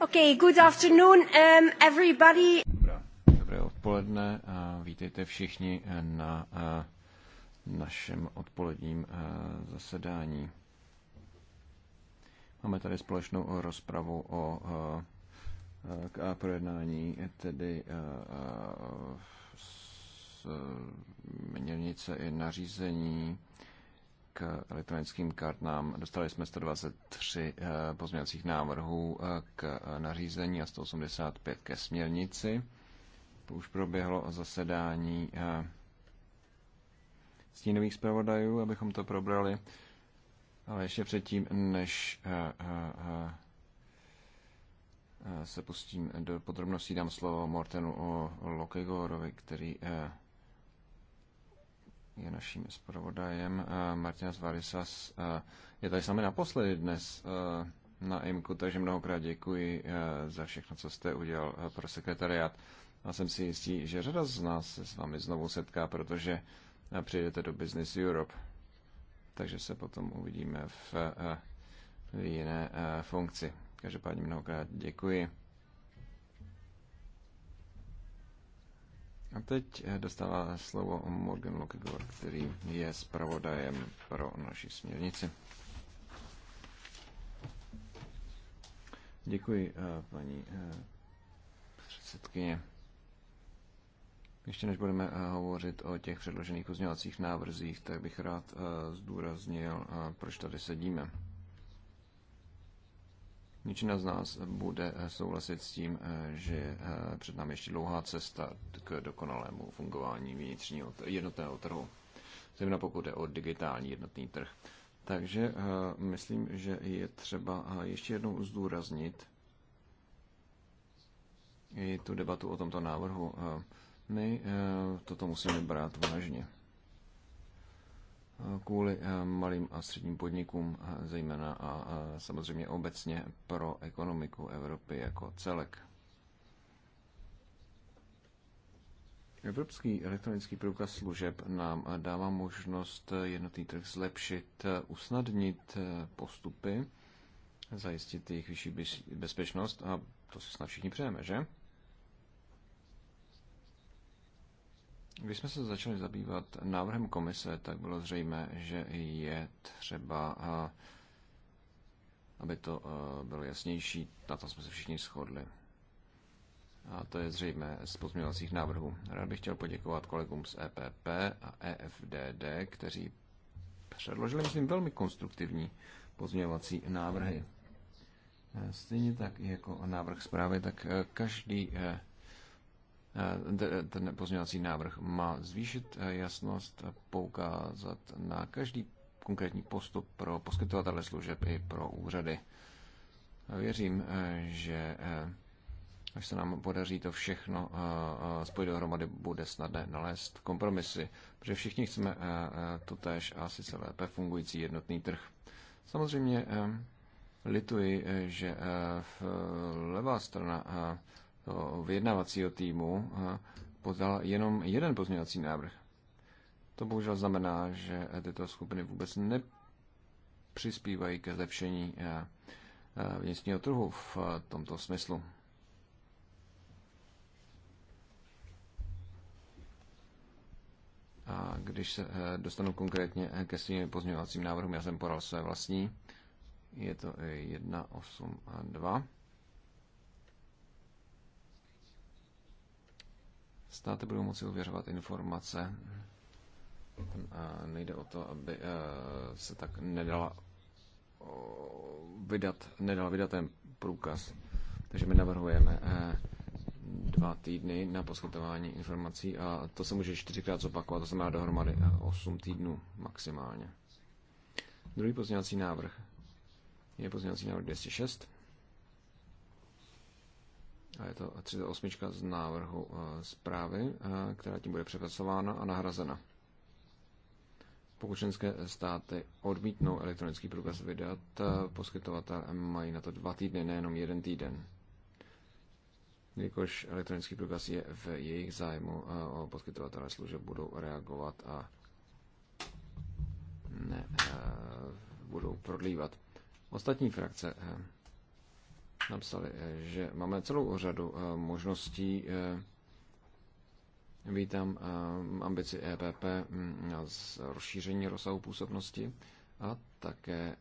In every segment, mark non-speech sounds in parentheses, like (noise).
Okay, good afternoon, um, everybody. dobré odpoledne a vítejte všichni eh, na eh, našem odpoledním eh, zasedání. Máme tady společnou rozpravu o k projednání tedy měrnice i nařízení k elektronickým kartám. Dostali jsme 123 eh, pozměňovacích návrhů eh, k nařízení a 185 ke směrnici. Už proběhlo zasedání eh, stínových zpravodajů, abychom to probrali. Ale ještě předtím, než se pustím do podrobností, dám slovo Mortenu Lokegorovi, který je naším zpravodajem. Eh, Martina Zvarisas eh, je tady sami naposledy dnes eh, na IMKU, takže mnohokrát děkuji za všechno, co jste udělal pro sekretariát. A jsem si jistý, že řada z nás se s vámi znovu setká, protože přijdete do Business Europe. Takže se potom uvidíme v, v jiné funkci. Každopádně mnohokrát děkuji. A teď eh, dostává slovo Morgan Lockigor, který je zpravodajem pro naši směrnici. Děkuji, eh, paní eh, předsedkyně. Ještě než budeme hovořit o těch předložených pozměňovacích návrzích, tak bych rád zdůraznil, proč tady sedíme. Většina z nás bude souhlasit s tím, eh, že je eh, před námi ještě dlouhá cesta k dokonalému fungování vnitřního jednotného trhu, zejména pokud jde o digitální jednotný trh. Takže eh, myslím, že je třeba ještě jednou zdůraznit i tu debatu o tomto návrhu. My toto musíme brát vážně kvůli eh, malým a středním podnikům eh, zejména a eh, samozřejmě obecně pro ekonomiku Evropy jako celek. Evropský elektronický průkaz služeb nám dává možnost jednotný trh zlepšit, usnadnit postupy, zajistit jejich vyšší bezpečnost a to si snad všichni přejeme, že? Když jsme se začali zabývat návrhem komise, tak bylo zřejmé, že je třeba, eh, aby to eh, bylo jasnější, na to jsme se všichni shodli. A to je zřejmé z pozměňovacích návrhů. Rád bych chtěl poděkovat kolegům z EPP a EFDD, kteří předložili, myslím, velmi konstruktivní pozměňovací návrhy. Eh, stejně tak jako návrh zprávy, tak každý Eh, ten pozměňovací návrh má zvýšit eh, jasnost, poukázat na každý konkrétní postup pro poskytovatele služeb i pro úřady. Věřím, eh, že až se nám podaří to všechno spojit dohromady, bude snadné nalézt kompromisy, protože všichni chceme to tež a sice lépe fungující jednotný trh. Samozřejmě lituji, že levá strana vyjednávacího týmu podal jenom jeden pozměňovací návrh. To bohužel znamená, že tyto skupiny vůbec nepřispívají ke zlepšení vnitřního trhu v tomto smyslu. A když se e, dostanu konkrétně e, ke svým pozměňovacím návrhům, já jsem poral své vlastní, je to 182. E, Státy budou moci uvěřovat informace. A nejde o to, aby eh, se tak nedala vydat, nedala vydat ten průkaz. Takže my navrhujeme eh, dva týdny na poskytování informací a to se může čtyřikrát zopakovat, to znamená dohromady 8 eh, týdnů maximálně. Druhý pozměňovací návrh je pozměňovací návrh 206. A je to 38 z návrhu eh, zprávy, eh, která tím bude přepracována a nahrazena. Pokud členské státy odmítnou elektronický průkaz vydat, eh, poskytovatel mají na to dva týdny, nejenom jeden týden. Jelikož elektronický průkaz je v jejich zájmu, o poskytovatelé služeb budou reagovat a ne, budou prodlívat. Ostatní frakce napsali, eh, že máme celou řadu eh, možností. Eh, vítám ambici EPP mm, na rozšíření rozsahu působnosti a také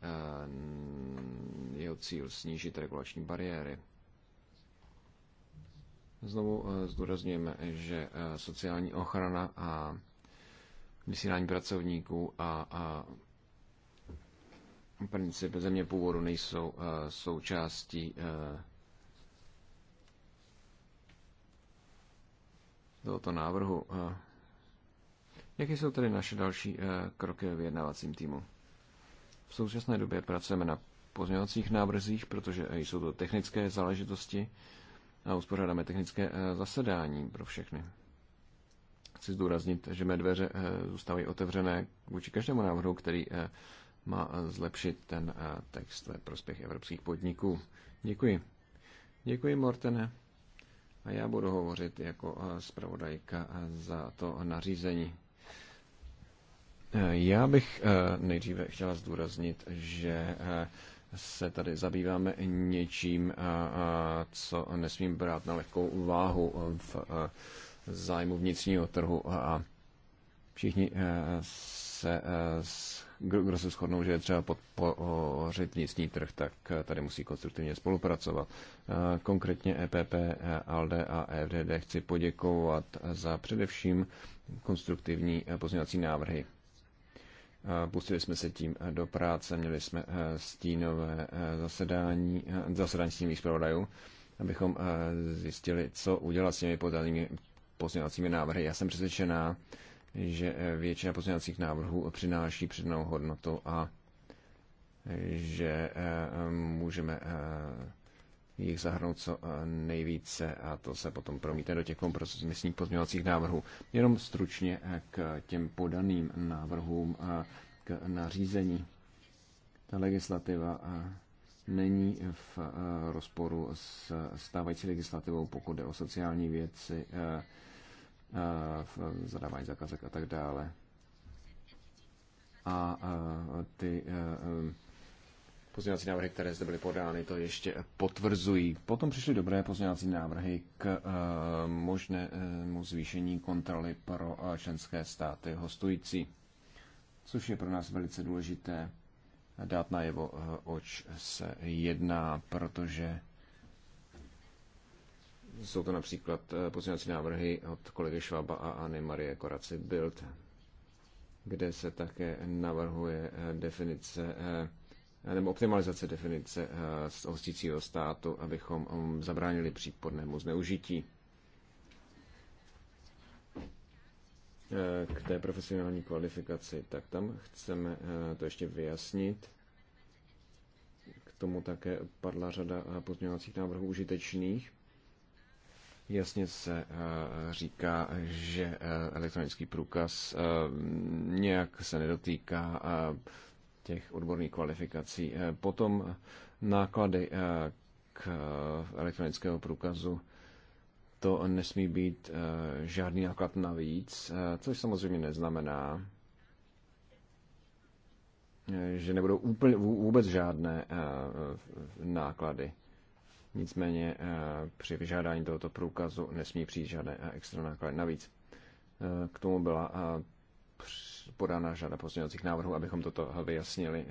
jeho cíl snížit regulační bariéry. Znovu zdůrazňujeme, že sociální ochrana a vysílání pracovníků a, a princip země původu nejsou eh, součástí eh, tohoto návrhu. Eh, jaké jsou tedy naše další kroky v jednávacím týmu? V současné době pracujeme na pozměňovacích návrzích, protože jsou to technické záležitosti a uspořádáme technické zasedání pro všechny. Chci zdůraznit, že mé dveře zůstávají otevřené vůči každému návrhu, který má eh, zlepšit ten eh, text ve prospěch evropských podniků. Děkuji. Děkuji, Mortene. A já budu hovořit jako eh, zpravodajka za to nařízení. Já bych nejdříve chtěla zdůraznit, že se tady zabýváme něčím, co nesmím brát na lehkou váhu v zájmu vnitřního trhu a všichni se kdo, se shodnou, že je třeba podpořit vnitřní trh, tak eh, tady musí konstruktivně spolupracovat. Eh, konkrétně EPP, eh, ALDE a EFDD chci poděkovat za především konstruktivní pozměňovací návrhy. Pustili jsme se tím do práce, měli jsme stínové zasedání, zasedání s tím zpravodajů, abychom zjistili, co udělat s těmi pozměňovacími návrhy. Já jsem přesvědčená, že eh, většina pozměňovacích návrhů přináší přidanou hodnotu a eh, že eh, můžeme jich zahrnout co nejvíce a to se potom promítne do těch kompromisních pozměňovacích návrhů. Jenom stručně k těm podaným návrhům a k nařízení. Ta legislativa není v rozporu s stávající legislativou, pokud jde o sociální věci, zadávání zakázek a tak dále. A ty pozměňovací návrhy, které zde byly podány, to ještě potvrzují. Potom přišly dobré pozměňovací návrhy k možnému zvýšení kontroly pro členské státy hostující, což je pro nás velice důležité dát najevo, oč se jedná, protože jsou to například eh, pozměňovací návrhy od kolegy Švába a Anny Marie Koraci Bild, kde se také navrhuje eh, definice eh, nebo optimalizace definice z hostícího státu, abychom mm, zabránili případnému zneužití. K té profesionální kvalifikaci, tak tam chceme to ještě vyjasnit. K tomu také padla řada pozměňovacích návrhů užitečných. Jasně se eh, říká, že eh, elektronický průkaz eh, nějak se nedotýká těch odborných kvalifikací. Potom náklady k elektronického průkazu to nesmí být žádný náklad navíc, což samozřejmě neznamená, že nebudou úplně, vůbec žádné náklady. Nicméně eh, při vyžádání tohoto průkazu nesmí přijít žádné eh, extra náklady. Navíc eh, k tomu byla podána řada pozměňovacích návrhů, abychom toto vyjasnili.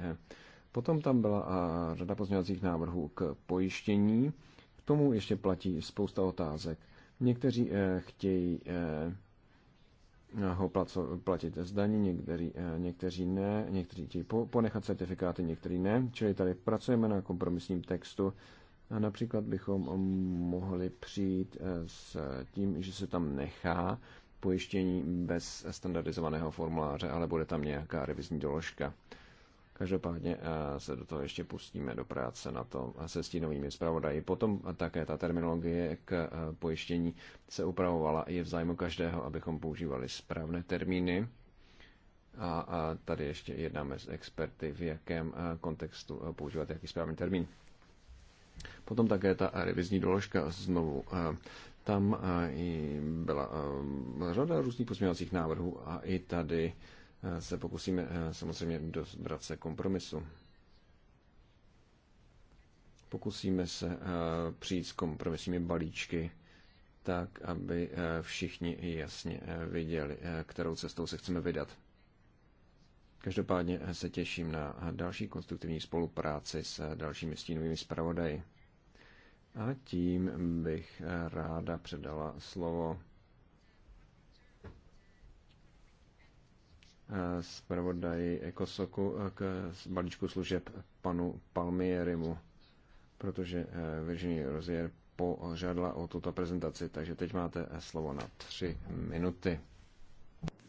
Potom tam byla řada pozměňovacích návrhů k pojištění. K tomu ještě platí spousta otázek. Někteří chtějí ho platit zdaní, někteří, někteří ne, někteří chtějí ponechat certifikáty, někteří ne. Čili tady pracujeme na kompromisním textu, a Například bychom mohli přijít eh, s tím, že se tam nechá pojištění bez standardizovaného formuláře, ale bude tam nějaká revizní doložka. Každopádně eh, se do toho ještě pustíme do práce na tom se stínovými zpravodaji. Potom také ta terminologie k eh, pojištění se upravovala. Je v zájmu každého, abychom používali správné termíny. A, a tady ještě jednáme s experty, v jakém kontextu používat jaký správný termín. Potom také ta revizní doložka znovu. Eh, tam eh, byla eh, řada různých pozměňovacích návrhů a i tady se pokusíme samozřejmě dobrat se kompromisu. Pokusíme se přijít s kompromisními balíčky, tak aby všichni jasně viděli, kterou cestou se chceme vydat. Každopádně se těším na další konstruktivní spolupráci s dalšími stínovými zpravodaji. A tím bych eh, ráda předala slovo eh, zpravodaji Ekosoku eh, k balíčku služeb panu Palmierimu, protože Virginie Rozier požádala o tuto prezentaci, takže teď máte slovo na tři minuty.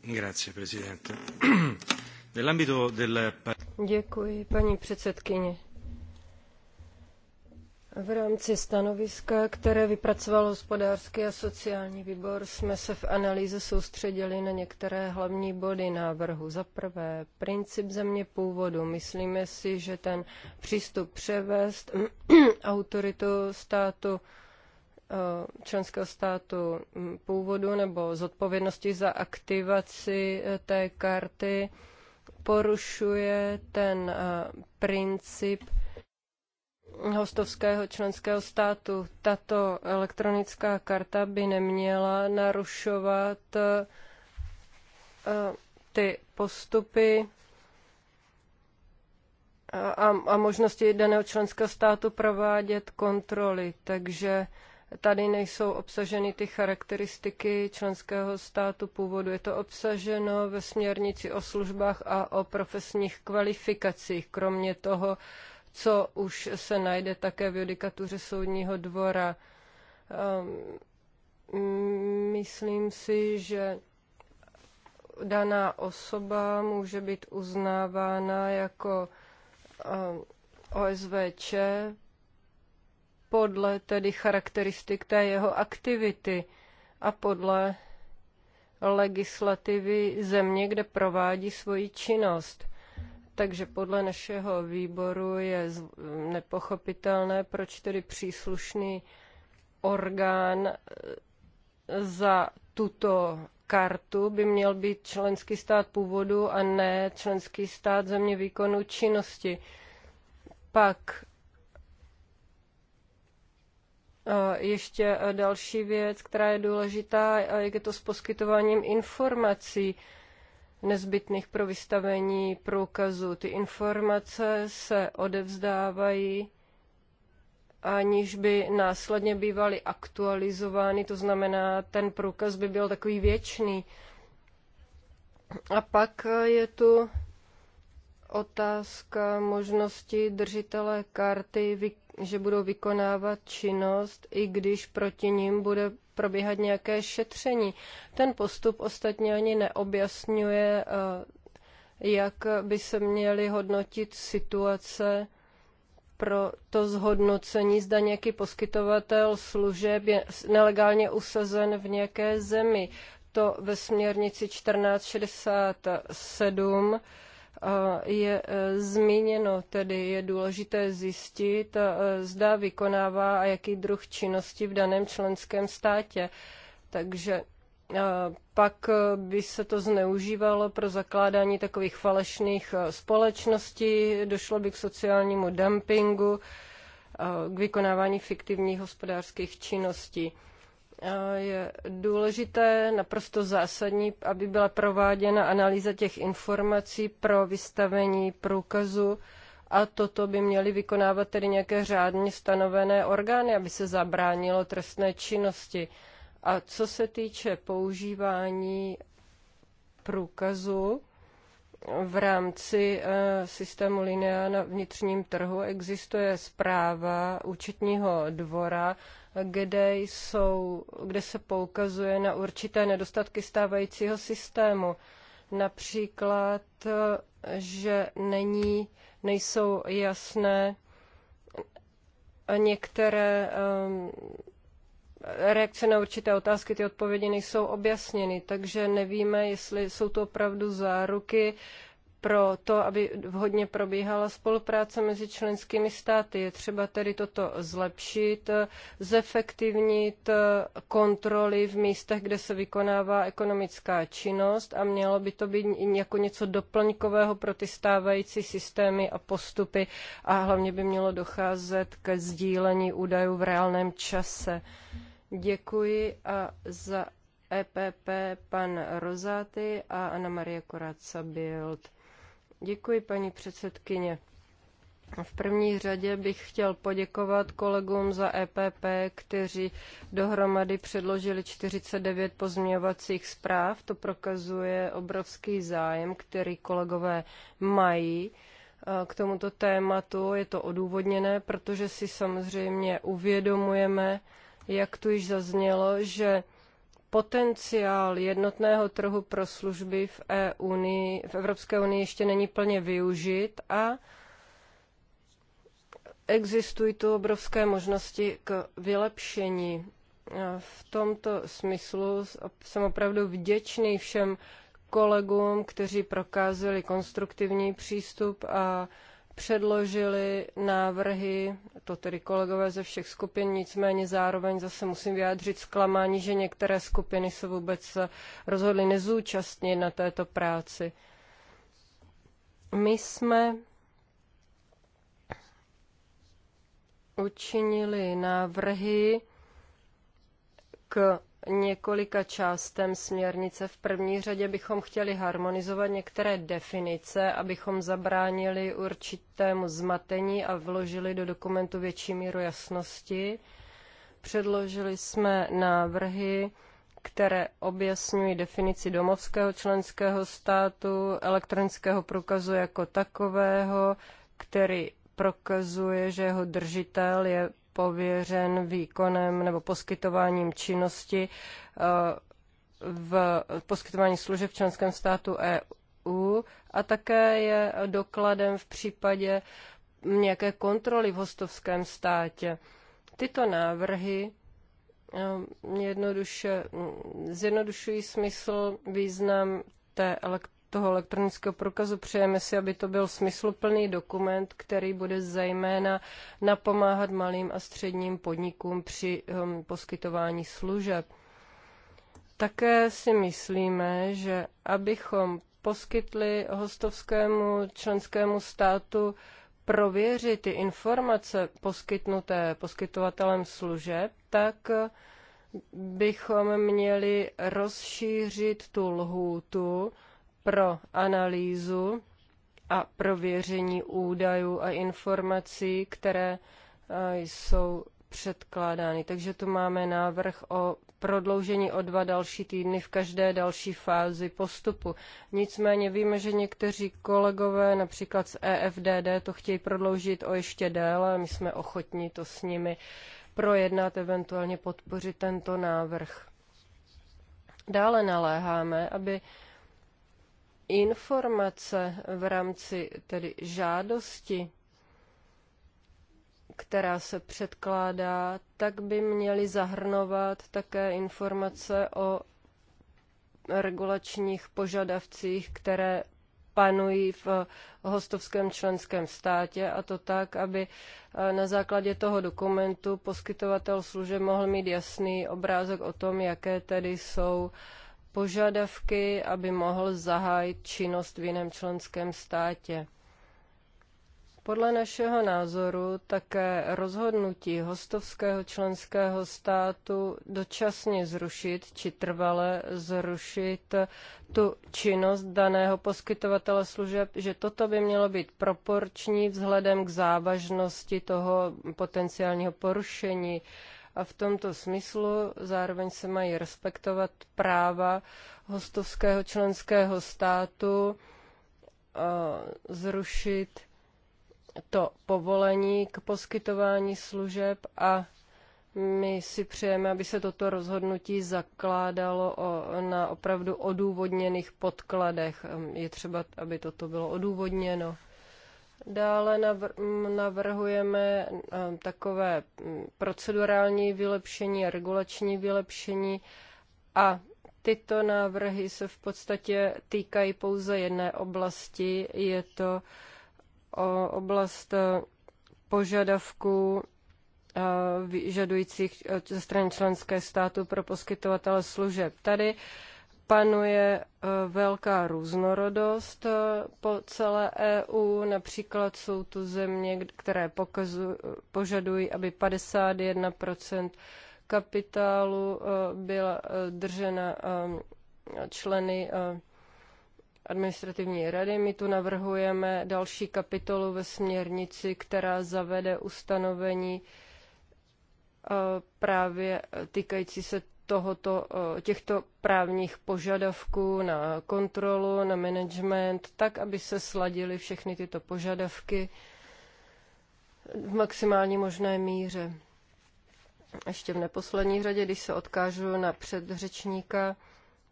Grazie, prezidente. Děkuji, paní předsedkyně. V rámci stanoviska, které vypracoval hospodářský a sociální výbor, jsme se v analýze soustředili na některé hlavní body návrhu. Za prvé, princip země původu. Myslíme si, že ten přístup převést (clears throat) autoritu státu eh, členského státu mm, původu nebo zodpovědnosti za aktivaci eh, té karty porušuje ten eh, princip hostovského členského státu. Tato elektronická karta by neměla narušovat eh, ty postupy a, a možnosti daného členského státu provádět kontroly. Takže tady nejsou obsaženy ty charakteristiky členského státu původu. Je to obsaženo ve směrnici o službách a o profesních kvalifikacích. Kromě toho co už se najde také v judikatuře soudního dvora. Ehm, myslím si, že daná osoba může být uznávána jako ehm, OSVČ podle tedy charakteristik té jeho aktivity a podle legislativy země, kde provádí svoji činnost. Takže podle našeho výboru je nepochopitelné, proč tedy příslušný orgán e, za tuto kartu by měl být členský stát původu a ne členský stát země výkonu činnosti. Pak e, ještě e, další věc, která je důležitá, je to s poskytováním informací nezbytných pro vystavení průkazu. Ty informace se odevzdávají aniž by následně bývaly aktualizovány, to znamená, ten průkaz by byl takový věčný. A pak je tu otázka možnosti držitele karty, že budou vykonávat činnost, i když proti ním bude probíhat nějaké šetření. Ten postup ostatně ani neobjasňuje, eh, jak by se měly hodnotit situace pro to zhodnocení, zda nějaký poskytovatel služeb je nelegálně usazen v nějaké zemi. To ve směrnici 1467 je e, zmíněno, tedy je důležité zjistit, e, zda vykonává a jaký druh činnosti v daném členském státě. Takže e, pak by se to zneužívalo pro zakládání takových falešných společností, došlo by k sociálnímu dumpingu, k vykonávání fiktivních hospodářských činností. Eh, je důležité, naprosto zásadní, aby byla prováděna analýza těch informací pro vystavení průkazu a toto by měly vykonávat tedy nějaké řádně stanovené orgány, aby se zabránilo trestné činnosti. A co se týče používání průkazu, v rámci eh, systému Linea na vnitřním trhu existuje zpráva účetního dvora, kde, jsou, kde se poukazuje na určité nedostatky stávajícího systému. Například, eh, že není, nejsou jasné některé um, reakce na určité otázky, ty odpovědi nejsou objasněny, takže nevíme, jestli jsou to opravdu záruky pro to, aby vhodně probíhala spolupráce mezi členskými státy. Je třeba tedy toto zlepšit, zefektivnit kontroly v místech, kde se vykonává ekonomická činnost a mělo by to být jako něco doplňkového pro ty stávající systémy a postupy a hlavně by mělo docházet ke sdílení údajů v reálném čase. Hmm. Děkuji a za EPP pan Rozáty a Anna Maria Koráca Bild. Děkuji, paní předsedkyně. V první řadě bych chtěl poděkovat kolegům za EPP, kteří dohromady předložili 49 pozměňovacích zpráv. To prokazuje obrovský zájem, který kolegové mají eh, k tomuto tématu. Je to odůvodněné, protože si samozřejmě uvědomujeme, jak tu již zaznělo, že potenciál jednotného trhu pro služby v, EU, v Evropské unii ještě není plně využit a existují tu obrovské možnosti k vylepšení. V tomto smyslu jsem opravdu vděčný všem kolegům, kteří prokázali konstruktivní přístup a předložili návrhy, to tedy kolegové ze všech skupin, nicméně zároveň zase musím vyjádřit zklamání, že některé skupiny se vůbec rozhodly nezúčastnit na této práci. My jsme učinili návrhy k několika částem směrnice. V první řadě bychom chtěli harmonizovat některé definice, abychom zabránili určitému zmatení a vložili do dokumentu větší míru jasnosti. Předložili jsme návrhy, které objasňují definici domovského členského státu, elektronického průkazu jako takového, který prokazuje, že jeho držitel je pověřen výkonem nebo poskytováním činnosti eh, v poskytování služeb v členském státu EU a také je dokladem v případě nějaké kontroly v hostovském státě. Tyto návrhy eh, jednoduše mm, zjednodušují smysl, význam té toho elektronického průkazu. Přejeme si, aby to byl smysluplný dokument, který bude zejména napomáhat malým a středním podnikům při um, poskytování služeb. Také si myslíme, že abychom poskytli hostovskému členskému státu prověřit ty informace poskytnuté poskytovatelem služeb, tak bychom měli rozšířit tu lhůtu pro analýzu a prověření údajů a informací, které eh, jsou předkládány. Takže tu máme návrh o prodloužení o dva další týdny v každé další fázi postupu. Nicméně víme, že někteří kolegové, například z EFDD, to chtějí prodloužit o ještě déle. My jsme ochotní to s nimi projednat, eventuálně podpořit tento návrh. Dále naléháme, aby informace v rámci tedy žádosti, která se předkládá, tak by měly zahrnovat také informace o regulačních požadavcích, které panují v hostovském členském státě a to tak, aby eh, na základě toho dokumentu poskytovatel služeb mohl mít jasný obrázek o tom, jaké tedy jsou uh, požadavky, aby mohl zahájit činnost v jiném členském státě. Podle našeho názoru také rozhodnutí hostovského členského státu dočasně zrušit či trvale zrušit tu činnost daného poskytovatele služeb, že toto by mělo být proporční vzhledem k závažnosti toho potenciálního porušení a v tomto smyslu zároveň se mají respektovat práva hostovského členského státu zrušit to povolení k poskytování služeb a my si přejeme, aby se toto rozhodnutí zakládalo o, na opravdu odůvodněných podkladech. Ehm, je třeba, aby toto bylo odůvodněno. Dále navrhujeme eh, takové mm, procedurální vylepšení a regulační vylepšení a tyto návrhy se v podstatě týkají pouze jedné oblasti. Je to oblast eh, požadavků eh, vyžadujících ze strany členské státu pro poskytovatele služeb. Tady panuje eh, velká různorodost eh, po celé EU. Například jsou tu země, které pokazují, požadují, aby 51 kapitálu eh, byla držena členy administrativní rady. My tu navrhujeme další kapitolu ve směrnici, která zavede ustanovení právě týkající se tohoto, eh, těchto právních požadavků na kontrolu, na management, tak, aby se sladily všechny tyto požadavky v maximální možné míře. Ještě v neposlední řadě, když se odkážu na předřečníka,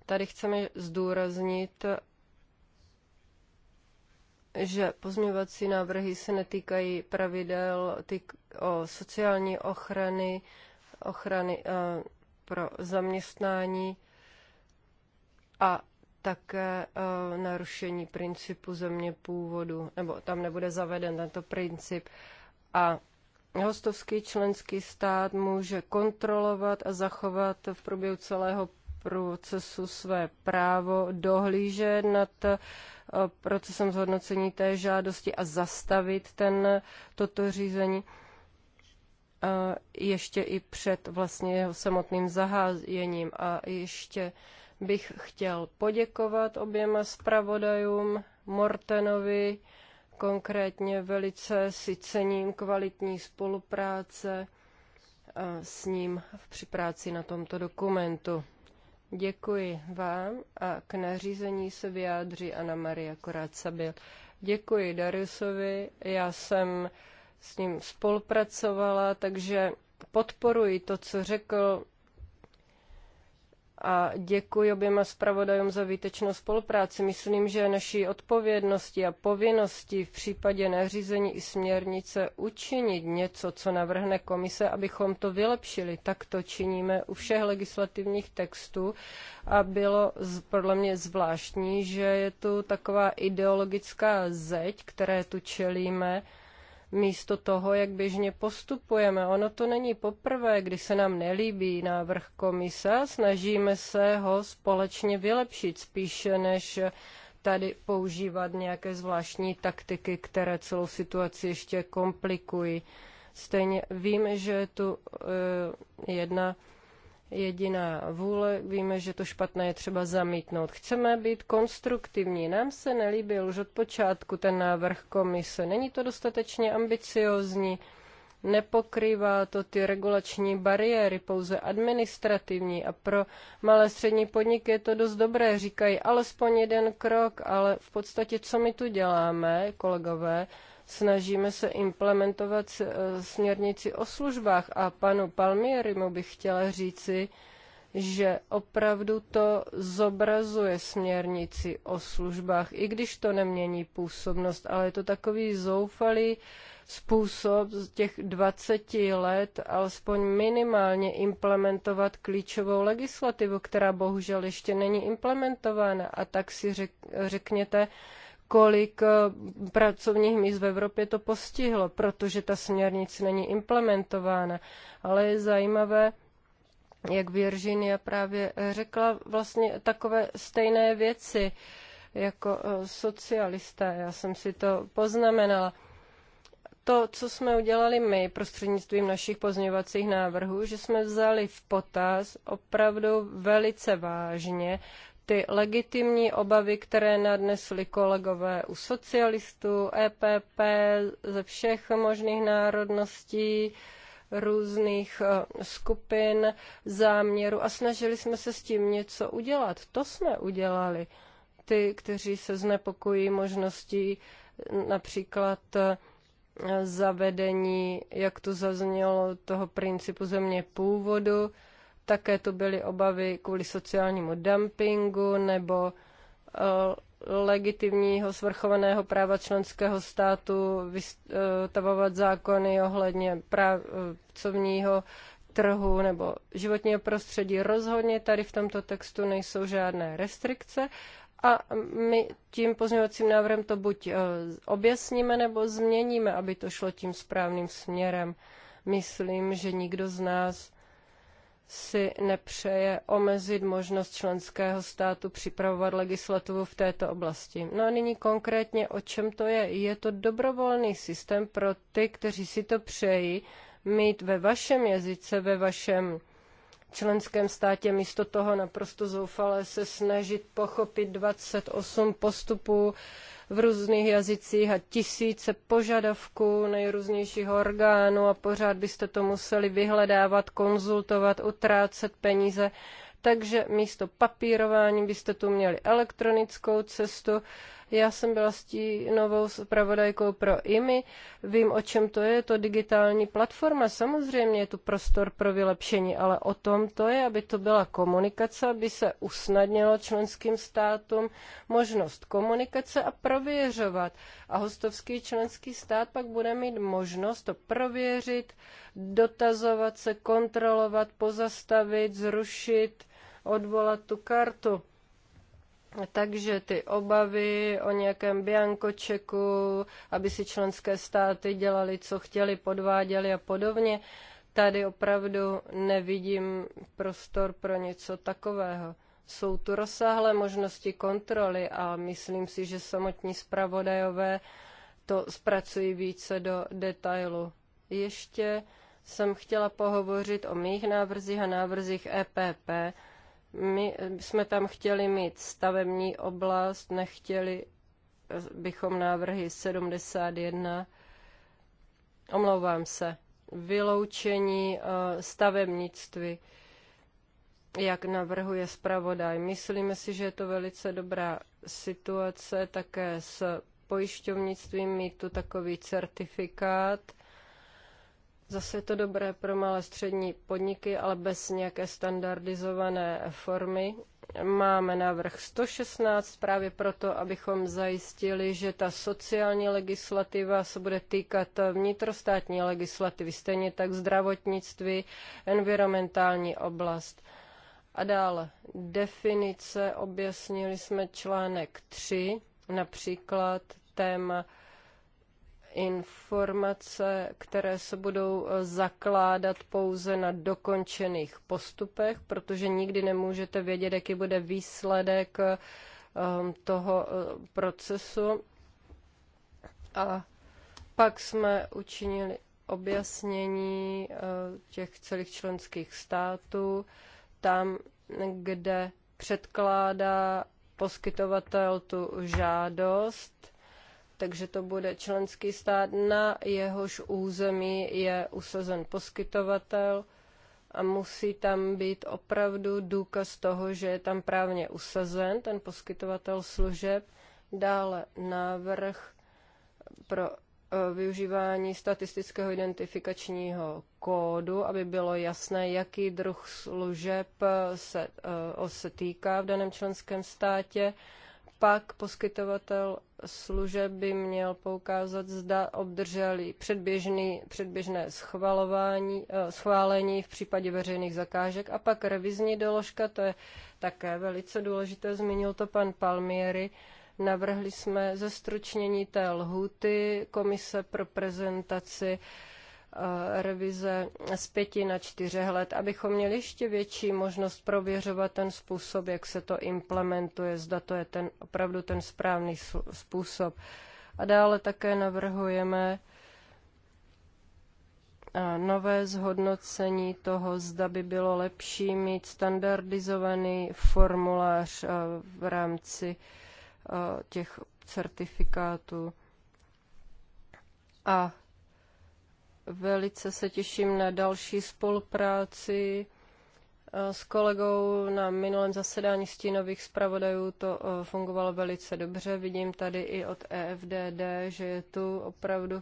tady chceme zdůraznit, že pozměvací návrhy se netýkají pravidel ty, o sociální ochrany, ochrany eh, pro zaměstnání a také eh, narušení principu země původu, nebo tam nebude zaveden tento princip. A hostovský členský stát může kontrolovat a zachovat v průběhu celého procesu své právo dohlížet nad eh, procesem zhodnocení té žádosti a zastavit ten, toto řízení ještě i před vlastně jeho samotným zahájením. A ještě bych chtěl poděkovat oběma zpravodajům, Mortenovi, konkrétně velice si cením kvalitní spolupráce s ním při práci na tomto dokumentu. Děkuji vám a k nařízení se vyjádří Anna Maria Korácabil. Děkuji Dariusovi, já jsem s ním spolupracovala, takže podporuji to, co řekl a děkuji oběma zpravodajům za výtečnou spolupráci. Myslím, že naší odpovědnosti a povinnosti v případě nařízení i směrnice učinit něco, co navrhne komise, abychom to vylepšili. Tak to činíme u všech legislativních textů a bylo podle mě zvláštní, že je tu taková ideologická zeď, které tu čelíme, místo toho, jak běžně postupujeme. Ono to není poprvé, kdy se nám nelíbí návrh komise, snažíme se ho společně vylepšit spíše než tady používat nějaké zvláštní taktiky, které celou situaci ještě komplikují. Stejně vím, že tu eh, jedna jediná vůle. Víme, že to špatné je třeba zamítnout. Chceme být konstruktivní. Nám se nelíbil už od počátku ten návrh komise. Není to dostatečně ambiciozní. Nepokrývá to ty regulační bariéry, pouze administrativní a pro malé střední podniky je to dost dobré, říkají alespoň jeden krok, ale v podstatě co my tu děláme, kolegové, Snažíme se implementovat eh, směrnici o službách a panu Palmierimu bych chtěla říci, že opravdu to zobrazuje směrnici o službách, i když to nemění působnost, ale je to takový zoufalý způsob z těch 20 let alespoň minimálně implementovat klíčovou legislativu, která bohužel ještě není implementována. A tak si řekněte, kolik eh, pracovních míst v Evropě to postihlo, protože ta směrnice není implementována. Ale je zajímavé, jak Virginia právě eh, řekla, vlastně takové stejné věci jako eh, socialista. Já jsem si to poznamenala to, co jsme udělali my prostřednictvím našich pozměňovacích návrhů, že jsme vzali v potaz opravdu velice vážně ty legitimní obavy, které nadnesli kolegové u socialistů, EPP, ze všech možných národností, různých eh, skupin, záměru a snažili jsme se s tím něco udělat. To jsme udělali. Ty, kteří se znepokojí možností například eh, zavedení, jak tu zaznělo, toho principu země původu, také tu byly obavy kvůli sociálnímu dumpingu nebo eh, legitimního svrchovaného práva členského státu vystavovat eh, zákony ohledně pracovního trhu nebo životního prostředí. Rozhodně tady v tomto textu nejsou žádné restrikce a my tím pozměňovacím návrhem to buď eh, objasníme nebo změníme, aby to šlo tím správným směrem. Myslím, že nikdo z nás si nepřeje omezit možnost členského státu připravovat legislativu v této oblasti. No a nyní konkrétně o čem to je? Je to dobrovolný systém pro ty, kteří si to přejí mít ve vašem jazyce, ve vašem členském státě místo toho naprosto zoufale se snažit pochopit 28 postupů v různých jazycích a tisíce požadavků nejrůznějších orgánů a pořád byste to museli vyhledávat, konzultovat, utrácet peníze. Takže místo papírování byste tu měli elektronickou cestu já jsem byla novou zpravodajkou pro IMI, vím, o čem to je, je to digitální platforma, samozřejmě je tu prostor pro vylepšení, ale o tom to je, aby to byla komunikace, aby se usnadnilo členským státům možnost komunikace a prověřovat. A hostovský členský stát pak bude mít možnost to prověřit, dotazovat se, kontrolovat, pozastavit, zrušit, odvolat tu kartu. Takže ty obavy o nějakém biankočeku, aby si členské státy dělali, co chtěli, podváděli a podobně, tady opravdu nevidím prostor pro něco takového. Jsou tu rozsáhlé možnosti kontroly a myslím si, že samotní zpravodajové to zpracují více do detailu. Ještě jsem chtěla pohovořit o mých návrzích a návrzích EPP, my jsme tam chtěli mít stavební oblast, nechtěli bychom návrhy 71, omlouvám se, vyloučení eh, stavebnictví, jak navrhuje zpravodaj. Myslíme si, že je to velice dobrá situace také s pojišťovnictvím, mít tu takový certifikát, Zase je to dobré pro malé střední podniky, ale bez nějaké standardizované formy. Máme návrh 116 právě proto, abychom zajistili, že ta sociální legislativa se bude týkat vnitrostátní legislativy, stejně tak zdravotnictví, environmentální oblast. A dále definice, objasnili jsme článek 3, například téma informace, které se budou eh, zakládat pouze na dokončených postupech, protože nikdy nemůžete vědět, jaký bude výsledek eh, eh, toho procesu. A pak jsme učinili objasnění těch celých členských států, tam, kde předkládá poskytovatel tu žádost, takže to bude členský stát, na jehož území je usazen poskytovatel a musí tam být opravdu důkaz toho, že je tam právně usazen ten poskytovatel služeb. Dále návrh pro eh, využívání statistického identifikačního kódu, aby bylo jasné, jaký druh služeb eh, se, eh, se týká v daném členském státě pak poskytovatel služeb by měl poukázat, zda obdrželi předběžný, předběžné schvalování, eh, schválení v případě veřejných zakážek a pak revizní doložka, to je také velice důležité, zmínil to pan Palmieri. Navrhli jsme zestručnění té lhuty komise pro prezentaci uh, revize z pěti na čtyřech let, abychom měli ještě větší možnost prověřovat ten způsob, jak se to implementuje, zda to je ten, opravdu ten správný způsob. A dále také navrhujeme nové zhodnocení toho, zda by bylo lepší mít standardizovaný formulář v rámci těch certifikátů. A Velice se těším na další spolupráci eh, s kolegou na minulém zasedání stínových zpravodajů to eh, fungovalo velice dobře. Vidím tady i od EFDD, že je tu opravdu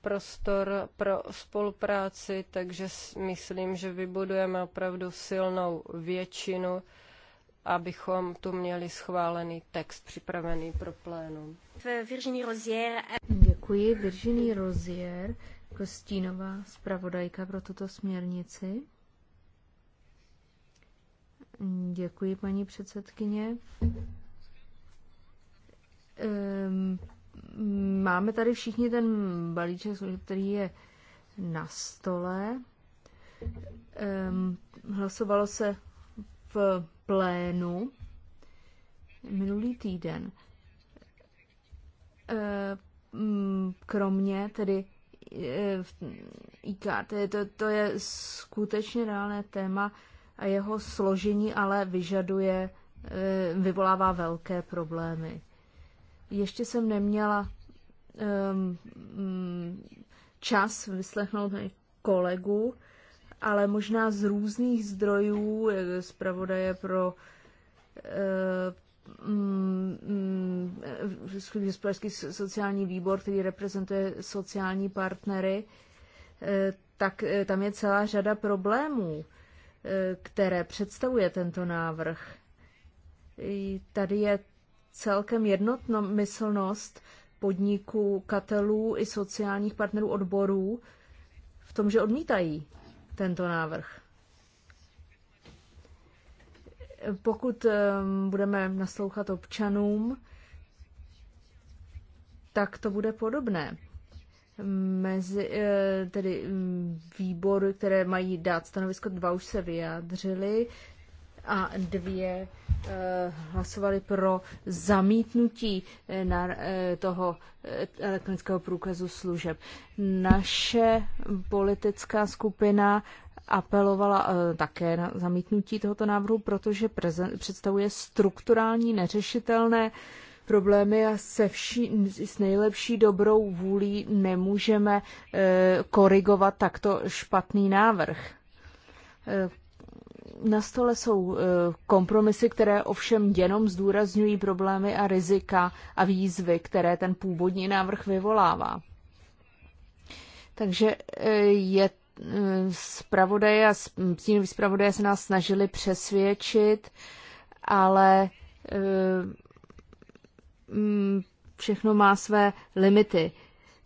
prostor pro spolupráci, takže myslím, že vybudujeme opravdu silnou většinu, abychom tu měli schválený text připravený pro plénum. Virginie Rozier. Děkuji, Virginie Rozier Kostínová, jako zpravodajka pro tuto směrnici. Děkuji, paní předsedkyně. Ehm, máme tady všichni ten balíček, který je na stole. Ehm, hlasovalo se v plénu minulý týden. Ehm, kromě tedy IKT, eh, eh, eh, to, to je skutečně reálné téma a jeho složení ale vyžaduje, vyvolává velké problémy. Ještě jsem neměla um, čas vyslechnout kolegu, ale možná z různých zdrojů, zpravodaje pro Mm, mm, hospodářský sociální výbor, který reprezentuje sociální partnery, eh, tak eh, tam je celá řada problémů, eh, které představuje tento návrh. Tady je celkem jednotnomyslnost podniků, katelů i sociálních partnerů odborů v tom, že odmítají tento návrh pokud ehm, budeme naslouchat občanům, tak to bude podobné. Mezi eh, tedy mm, výbory, které mají dát stanovisko, dva už se vyjádřili a dvě eh, hlasovali pro zamítnutí eh, na, toho elektronického průkazu služeb. Naše politická skupina apelovala eh, také na zamítnutí tohoto návrhu, protože představuje strukturální neřešitelné problémy a se vší, s nejlepší dobrou vůlí nemůžeme eh, korigovat takto špatný návrh. Eh, na stole jsou kompromisy, které ovšem jenom zdůrazňují problémy a rizika a výzvy, které ten původní návrh vyvolává. Takže je zpravodaje a stínoví zpravodaje se nás snažili přesvědčit, ale eh, mm, všechno má své limity.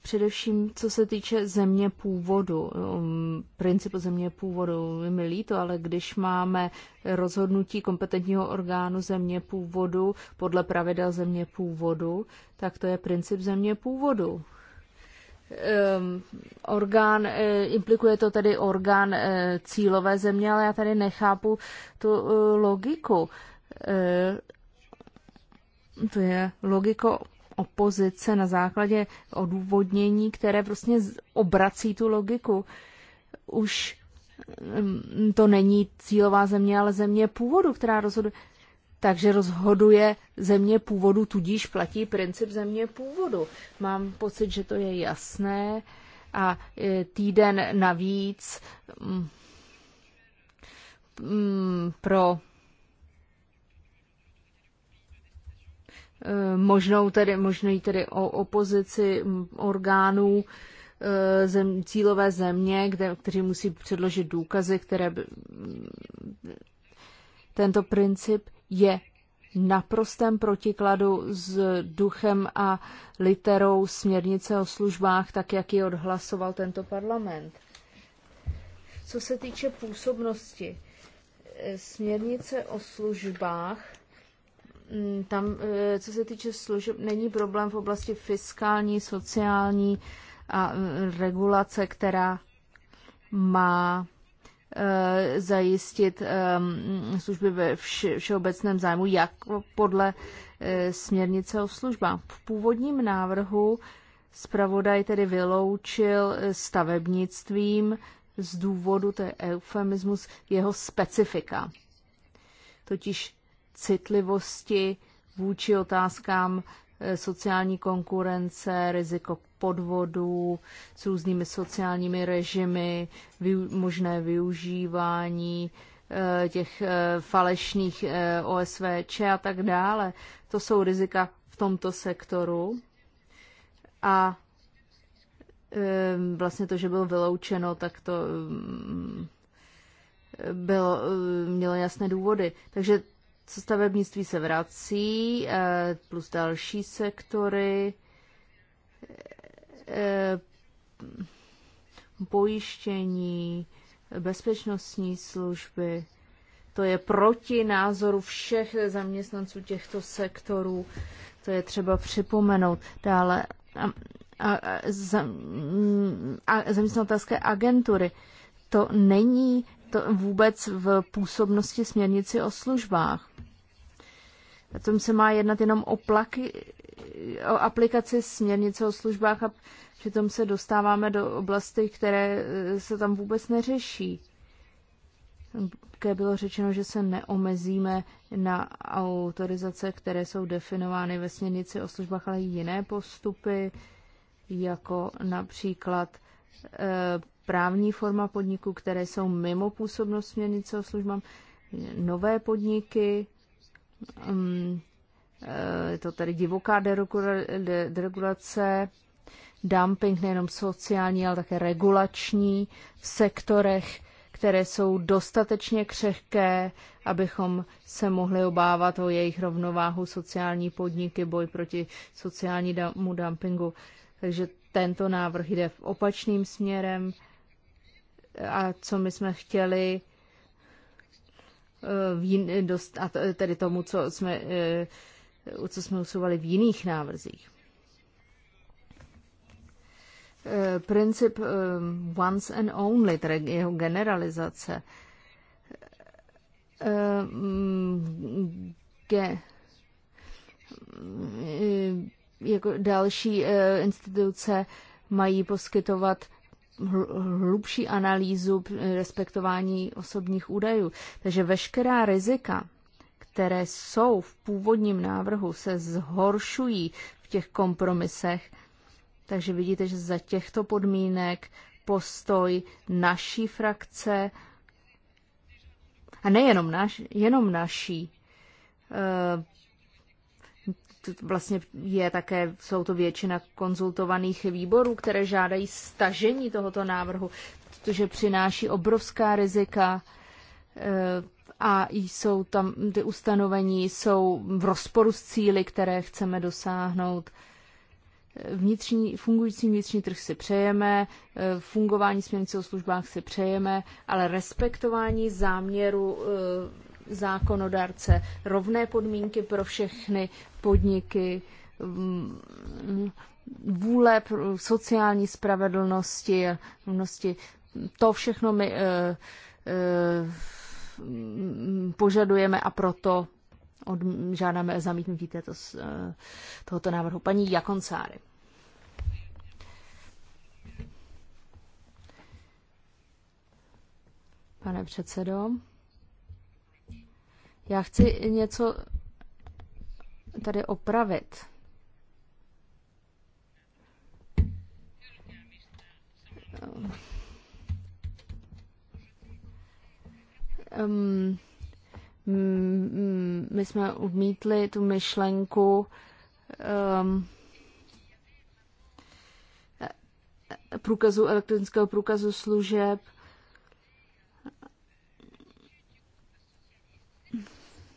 Především, co se týče země původu, um, principu země původu, je mi líto, ale když máme rozhodnutí kompetentního orgánu země původu podle pravidel země původu, tak to je princip země původu. Ehm, orgán, eh, implikuje to tedy orgán eh, cílové země, ale já tady nechápu tu eh, logiku. to je logiko opozice na základě odůvodnění, které prostě obrací tu logiku. Už mm, to není cílová země, ale země původu, která rozhoduje takže rozhoduje země původu, tudíž platí princip země původu. Mám pocit, že to je jasné a e, týden navíc mm, mm, pro e, možnou tedy, možný tedy o opozici orgánů e, zem, cílové země, kde, kteří musí předložit důkazy, které by, mm, tento princip je naprostém protikladu s duchem a literou směrnice o službách, tak jak ji odhlasoval tento parlament. Co se týče působnosti, eh, směrnice o službách, mm, tam, eh, co se týče služeb, není problém v oblasti fiskální, sociální a eh, regulace, která má Eh, zajistit eh, služby ve všeobecném zájmu, jak podle eh, směrnice o službách. V původním návrhu zpravodaj tedy vyloučil stavebnictvím z důvodu, to je eufemismus, jeho specifika, totiž citlivosti vůči otázkám sociální konkurence, riziko podvodů s různými sociálními režimy, možné využívání eh, těch eh, falešných eh, OSVČ a tak dále. To jsou rizika v tomto sektoru. A vlastně to, že bylo vyloučeno, tak to mm, bylo, mělo jasné důvody. Takže co stavebnictví se vrací, plus další sektory, Eh, pojištění, bezpečnostní služby. To je proti názoru všech zaměstnanců těchto sektorů. To je třeba připomenout. Dále a, a, a, zaměstnatelské agentury. To není to vůbec v působnosti směrnici o službách. A tom se má jednat jenom o plaky, o aplikaci směrnice o službách a přitom se dostáváme do oblasti, které e, se tam vůbec neřeší. Také bylo řečeno, že se neomezíme na autorizace, které jsou definovány ve směrnici o službách, ale i jiné postupy, jako například e, právní forma podniků, které jsou mimo působnost směrnice o službách, nové podniky, mm, Eh, je to tady divoká deregulace, dumping nejenom sociální, ale také regulační v sektorech, které jsou dostatečně křehké, abychom se mohli obávat o jejich rovnováhu sociální podniky, boj proti sociálnímu dumpingu. Takže tento návrh jde v opačným směrem a co my jsme chtěli, eh, dost, a tedy tomu, co jsme eh, o co jsme hlasovali v jiných návrzích. E, princip e, once and only, tedy jeho generalizace, ke, mm, mm, jako další e, instituce mají poskytovat hlubší analýzu respektování osobních údajů. Takže veškerá rizika které jsou v původním návrhu, se zhoršují v těch kompromisech. Takže vidíte, že za těchto podmínek postoj naší frakce a nejenom naš, jenom naší. Eh, vlastně je také, jsou to většina konzultovaných výborů, které žádají stažení tohoto návrhu, protože přináší obrovská rizika eh, a jsou tam ty ustanovení jsou v rozporu s cíly, které chceme dosáhnout. Vnitřní, fungující vnitřní trh si přejeme, eh, fungování směrnice o službách si přejeme, ale respektování záměru eh, zákonodárce, rovné podmínky pro všechny podniky, mm, vůle sociální spravedlnosti, to všechno my eh, požadujeme a proto od, žádáme zamítnutí této, eh, tohoto návrhu. Paní Jakoncáry. Pane předsedo, já chci něco tady opravit. Um. Um, my jsme odmítli tu myšlenku um, průkazu, elektronického průkazu služeb.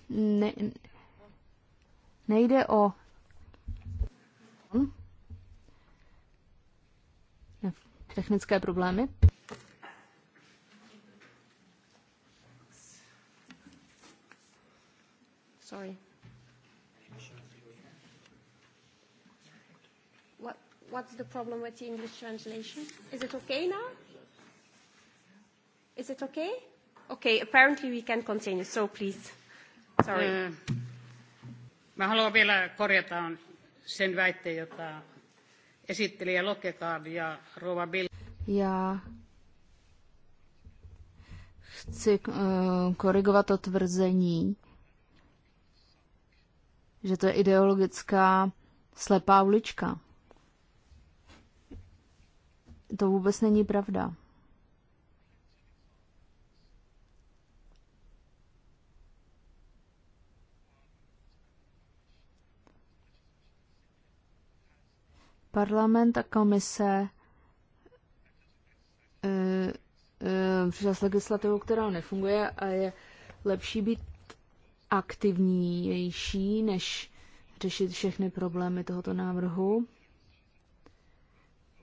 Ne, nejde o technické problémy. Sorry. What, what's the problem with the English translation? Is it okay now? Is it okay? Okay, apparently we can continue, so please. Sorry. Mä haluan vielä korjata sen väitteen, jota ja Lokekaard ja Rova Bill. Já chci korigovat to tvrzení, že to je ideologická slepá ulička. To vůbec není pravda. Parlament a komise eh, eh, přišla s legislativou, která nefunguje a je lepší být aktivnější, než řešit všechny problémy tohoto návrhu.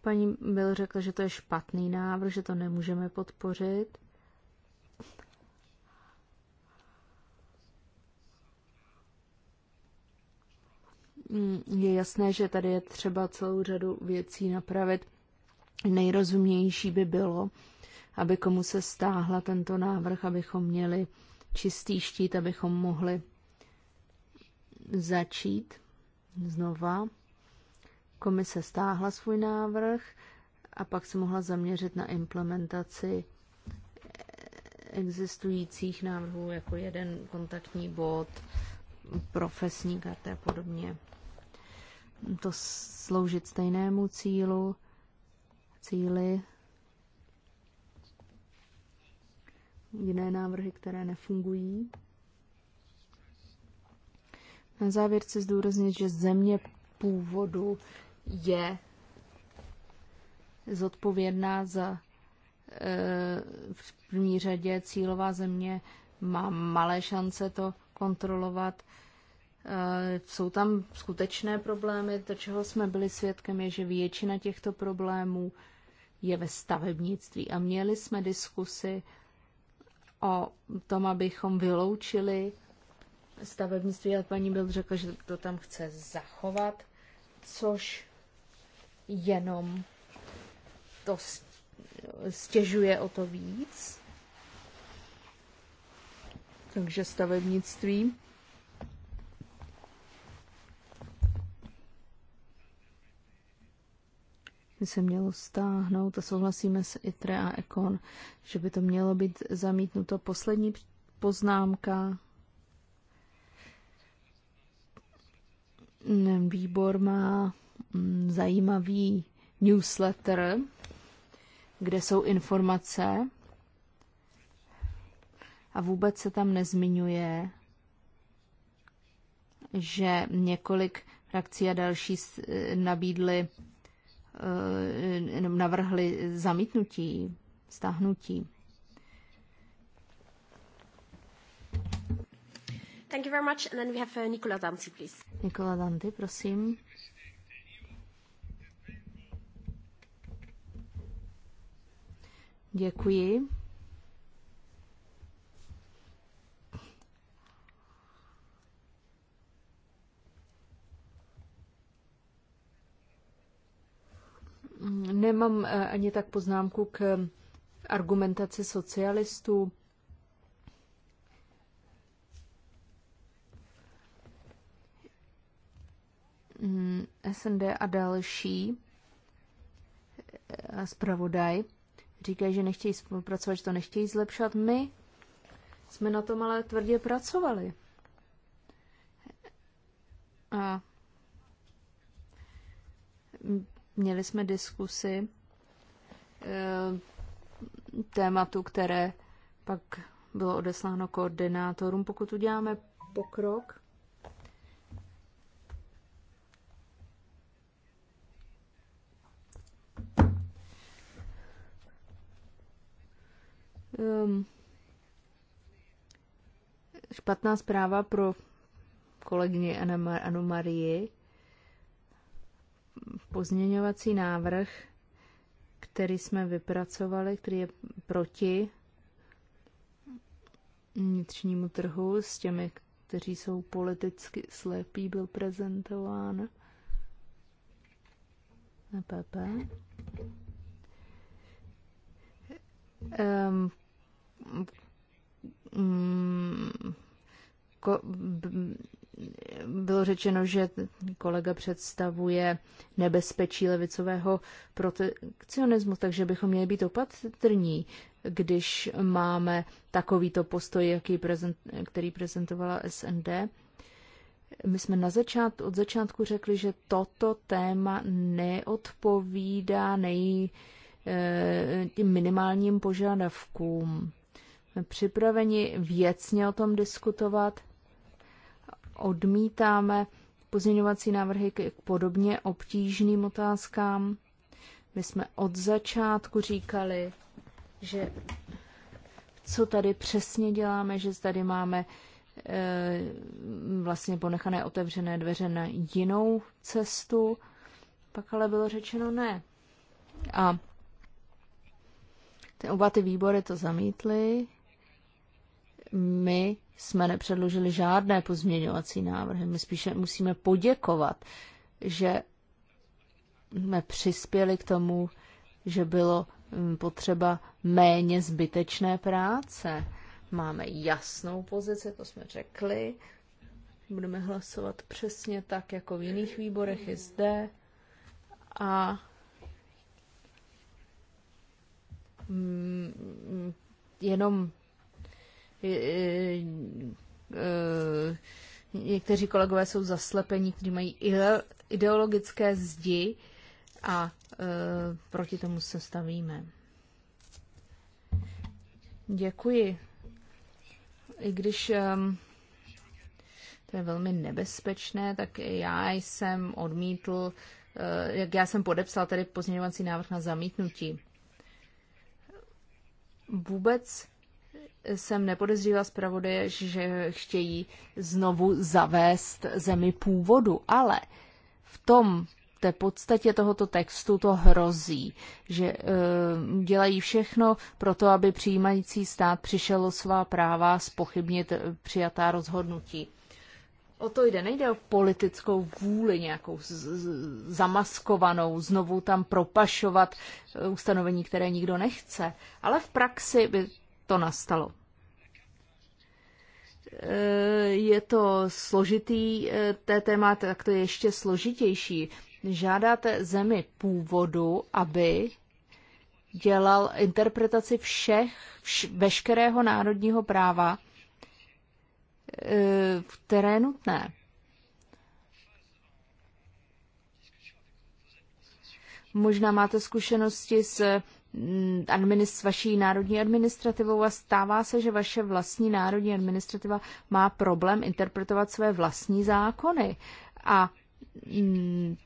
Paní byl řekla, že to je špatný návrh, že to nemůžeme podpořit. Mm, je jasné, že tady je třeba celou řadu věcí napravit. Nejrozumější by bylo, aby komu se stáhla tento návrh, abychom měli čistý štít, abychom mohli začít znova. Komise stáhla svůj návrh a pak se mohla zaměřit na implementaci existujících návrhů jako jeden kontaktní bod, profesní karty a podobně. To sloužit stejnému cílu, cíli jiné návrhy, které nefungují. Na závěr chci zdůraznit, že země původu je zodpovědná za e, v první řadě cílová země má malé šance to kontrolovat. E, jsou tam skutečné problémy. To, čeho jsme byli svědkem, je, že většina těchto problémů je ve stavebnictví. A měli jsme diskusy o tom, abychom vyloučili stavebnictví, ale paní byl řekla, že to tam chce zachovat, což jenom to stěžuje o to víc. Takže stavebnictví by se mělo stáhnout a souhlasíme s ITRE a EKON, že by to mělo být zamítnuto. Poslední poznámka. Výbor má mm, zajímavý newsletter, kde jsou informace a vůbec se tam nezmiňuje, že několik frakcí a další nabídly jenom eh, navrhli zamítnutí, stáhnutí. Thank you very much. And then we have eh, Nicola Danti, please. Nicola Danti, prosím. Děkuji. Nemám eh, ani tak poznámku k argumentaci socialistů. Mm, SND a další eh, zpravodaj říkají, že nechtějí spolupracovat, že to nechtějí zlepšovat. My jsme na tom ale tvrdě pracovali. A Měli jsme diskusy eh, tématu, které pak bylo odesláno koordinátorům. Pokud uděláme pokrok, um, špatná zpráva pro kolegyni Anu Marii Pozměňovací návrh, který jsme vypracovali, který je proti vnitřnímu trhu s těmi, kteří jsou politicky slepí, byl prezentován. PP. Um, um, ko, b, bylo řečeno, že kolega představuje nebezpečí levicového protekcionismu, takže bychom měli být opatrní, když máme takovýto postoj, jaký prezent, který prezentovala SND. My jsme na začátku, od začátku řekli, že toto téma neodpovídá nej, eh, tím minimálním požadavkům. Jsme připraveni věcně o tom diskutovat, odmítáme pozměňovací návrhy k podobně obtížným otázkám. My jsme od začátku říkali, že co tady přesně děláme, že tady máme e, vlastně ponechané otevřené dveře na jinou cestu. Pak ale bylo řečeno ne. A ty oba ty výbory to zamítly. My jsme nepředložili žádné pozměňovací návrhy. My spíše musíme poděkovat, že jsme přispěli k tomu, že bylo mm, potřeba méně zbytečné práce. Máme jasnou pozici, to jsme řekli. Budeme hlasovat přesně tak, jako v jiných výborech i zde. A mm, mm, jenom někteří kolegové jsou zaslepení, kteří mají ideologické zdi a e, proti tomu se stavíme. Děkuji. I když e, to je velmi nebezpečné, tak já jsem odmítl, e, jak já jsem podepsal tady pozměňovací návrh na zamítnutí. Vůbec jsem nepodezřívala zpravodaje, že chtějí znovu zavést zemi původu, ale v tom té podstatě tohoto textu to hrozí, že e, dělají všechno pro to, aby přijímající stát přišel o svá práva spochybnit eh, přijatá rozhodnutí. O to jde, nejde o politickou vůli nějakou zamaskovanou, znovu tam propašovat eh, ustanovení, které nikdo nechce, ale v praxi by to nastalo je to složitý eh, té téma, tak to je ještě složitější. Žádáte zemi původu, aby dělal interpretaci všech, vš, veškerého národního práva, eh, které je nutné. Možná máte zkušenosti s administ, vaší národní administrativou a stává se, že vaše vlastní národní administrativa má problém interpretovat své vlastní zákony a mm,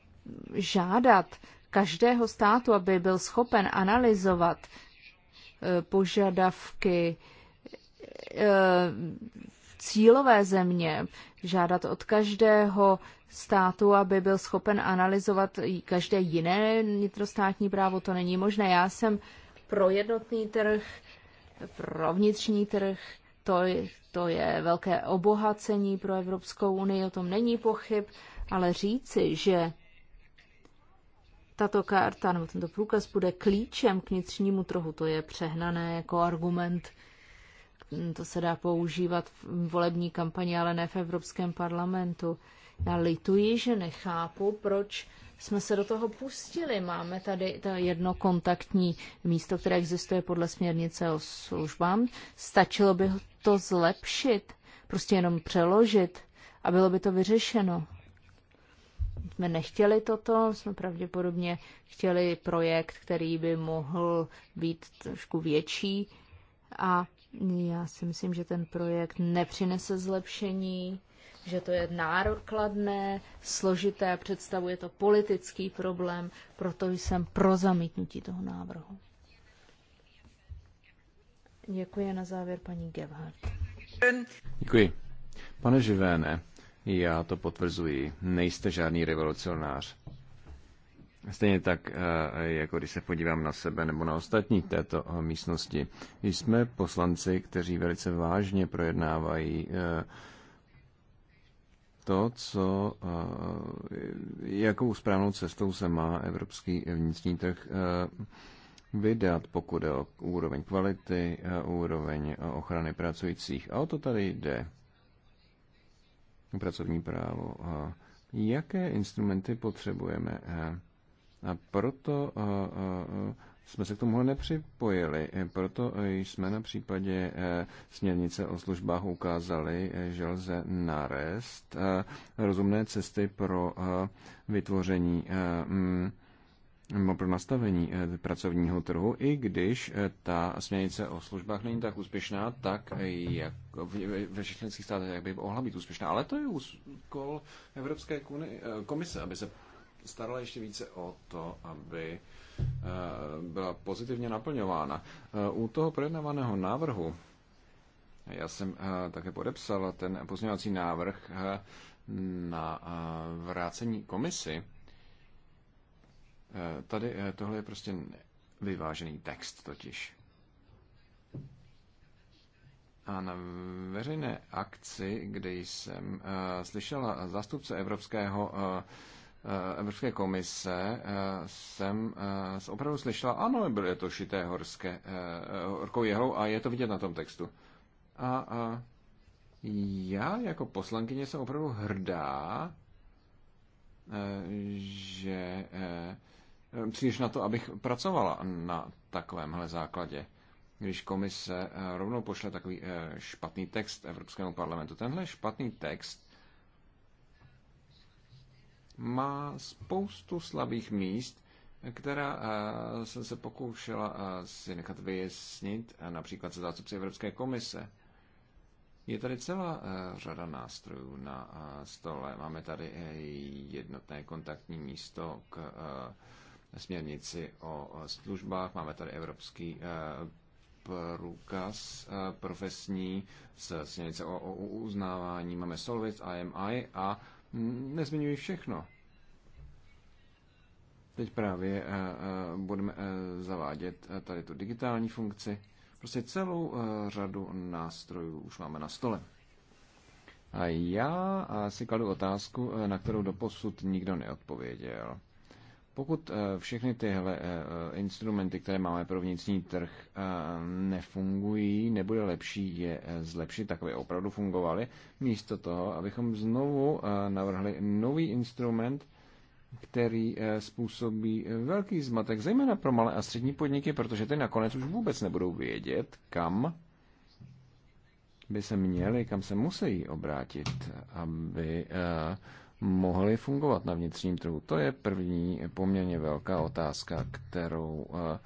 žádat každého státu, aby byl schopen analyzovat e, požadavky e, cílové země, žádat od každého státu, aby byl schopen analyzovat každé jiné vnitrostátní právo, to není možné. Já jsem pro jednotný trh, pro vnitřní trh, to, je to je velké obohacení pro Evropskou unii, o tom není pochyb, ale říci, že tato karta nebo tento průkaz bude klíčem k vnitřnímu trhu, to je přehnané jako argument. To se dá používat v volební kampani, ale ne v Evropském parlamentu. Já lituji, že nechápu, proč jsme se do toho pustili. Máme tady to jedno kontaktní místo, které existuje podle směrnice o službám. Stačilo by to zlepšit, prostě jenom přeložit a bylo by to vyřešeno. Jsme nechtěli toto, jsme pravděpodobně chtěli projekt, který by mohl být trošku větší a já si myslím, že ten projekt nepřinese zlepšení že to je národkladné, složité, představuje to politický problém, proto jsem pro zamítnutí toho návrhu. Děkuji na závěr paní Gebhardt. Děkuji. Pane Živéne, já to potvrzuji, nejste žádný revolucionář. Stejně tak, eh, jako když se podívám na sebe nebo na ostatní této eh, místnosti, jsme poslanci, kteří velice vážně projednávají eh, to, co, jakou správnou cestou se má evropský vnitřní trh vydat, pokud je o úroveň kvality, úroveň ochrany pracujících. A o to tady jde. Pracovní právo. Jaké instrumenty potřebujeme? A proto jsme se k tomu nepřipojili. Proto jsme na případě eh, směrnice o službách ukázali, eh, že lze narést eh, rozumné cesty pro vytvoření mm, pro nastavení pracovního trhu, i když ta směrnice o službách není tak úspěšná, tak jak ve všech členských státech, jak by mohla být úspěšná. Ale to je úkol Evropské komise, aby se starala ještě více o to, aby uh, byla pozitivně naplňována. Eh, u toho projednávaného návrhu, já jsem eh, také podepsal ten pozměňovací návrh eh, na vrácení komisy. tady tohle je prostě vyvážený text totiž. A na veřejné akci, kde jsem uh, slyšela zástupce Evropského uh, Eh, Evropské komise eh, jsem eh, opravdu slyšela, ano, bylo je to šité horské, horkou jehlou a je to vidět na tom textu. A, a já jako poslankyně jsem opravdu hrdá, že příliš na to, abych pracovala na takovémhle základě. Když komise rovnou pošle takový špatný text Evropskému parlamentu. Tenhle špatný text má spoustu slabých míst, která eh, jsem se pokoušela eh, si nechat vyjasnit, eh, například se zástupci Evropské komise. Je tady celá řada nástrojů na stole. Máme tady jednotné kontaktní místo k směrnici o službách, máme tady Evropský průkaz profesní s směrnice o, o uznávání, máme Solvit, IMI a nezmiňuji všechno. Teď právě eh, eh, budeme eh, zavádět tady tu digitální funkci. Prostě celou řadu nástrojů už máme na stole. A já si kladu otázku, na kterou doposud nikdo neodpověděl. Pokud eh, všechny tyhle eh, eh, instrumenty, které máme pro vnitřní trh, nefungují, nebude lepší je zlepšit, tak aby opravdu fungovaly, místo toho, abychom znovu navrhli nový instrument, který způsobí velký zmatek, zejména pro malé a střední podniky, protože ty nakonec už vůbec nebudou vědět, kam by se měli, kam se musí obrátit, aby uh, mohly fungovat na vnitřním trhu? To je první poměrně velká otázka, kterou eh,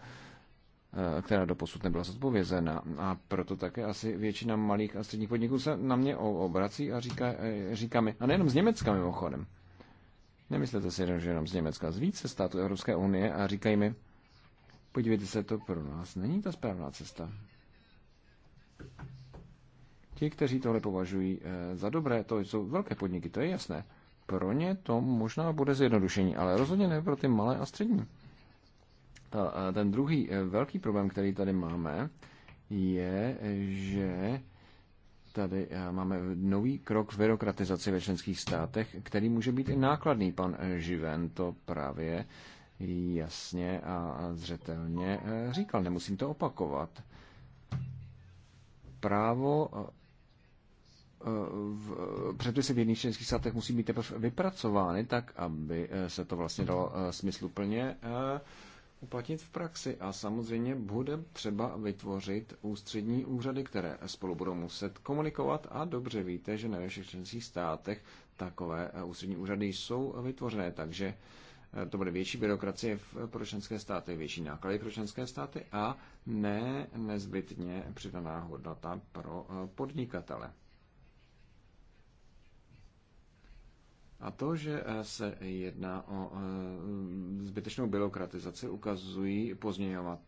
eh, která do posud nebyla zodpovězena. A proto také asi většina malých a středních podniků se na mě obrací a říká, eh, říká mi, a nejenom z Německa mimochodem, nemyslete si, že jenom z Německa, z více států Evropské unie a říkají mi, podívejte se, to pro nás není ta správná cesta. Ti, kteří tohle považují za dobré, to jsou velké podniky, to je jasné pro ně to možná bude zjednodušení, ale rozhodně ne pro ty malé a střední. Ta, ten druhý eh, velký problém, který tady máme, je, že tady eh, máme nový krok v byrokratizaci ve členských státech, který může být i nákladný. Pan eh, Živen to právě jasně a zřetelně říkal. Nemusím to opakovat. Právo v, předpisy v jedných členských státech musí být teprve vypracovány tak, aby eh, se to vlastně dalo eh, smysluplně eh, uplatnit v praxi a samozřejmě bude třeba vytvořit ústřední úřady, které spolu budou muset komunikovat a dobře víte, že na všech členských státech takové ústřední úřady jsou vytvořené, takže to bude větší byrokracie pro členské státy, větší náklady pro členské státy a ne nezbytně přidaná hodnota pro podnikatele. A to, že eh, se jedná o eh, zbytečnou byrokratizaci, ukazují pozměňovat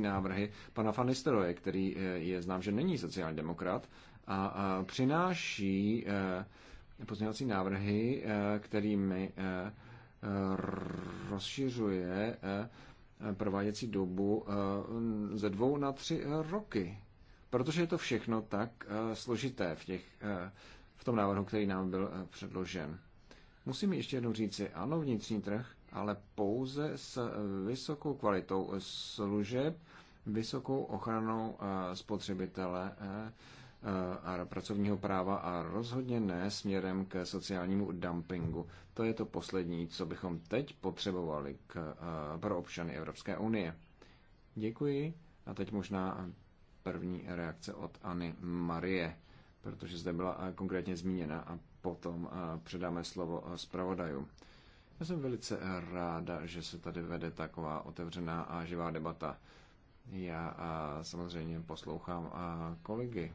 návrhy pana Fanisteroje, který eh, je znám, že není sociální demokrat, a přináší pozměňovací návrhy, kterými rozšiřuje prováděcí dobu ze dvou na tři roky. Protože je to všechno tak složité v těch tom návrhu, který nám byl eh, předložen. Musím ještě jednou říci, ano, vnitřní trh, ale pouze s eh, vysokou kvalitou eh, služeb, vysokou ochranou spotřebitele a pracovního práva a rozhodně ne směrem k sociálnímu dumpingu. To je to poslední, co bychom teď potřebovali k, pro občany Evropské unie. Děkuji a teď možná první reakce od Anny Marie protože zde byla eh, konkrétně zmíněna a potom eh, předáme slovo eh, zpravodajům. Já jsem velice ráda, že se tady vede taková otevřená a živá debata. Já samozřejmě poslouchám kolegy.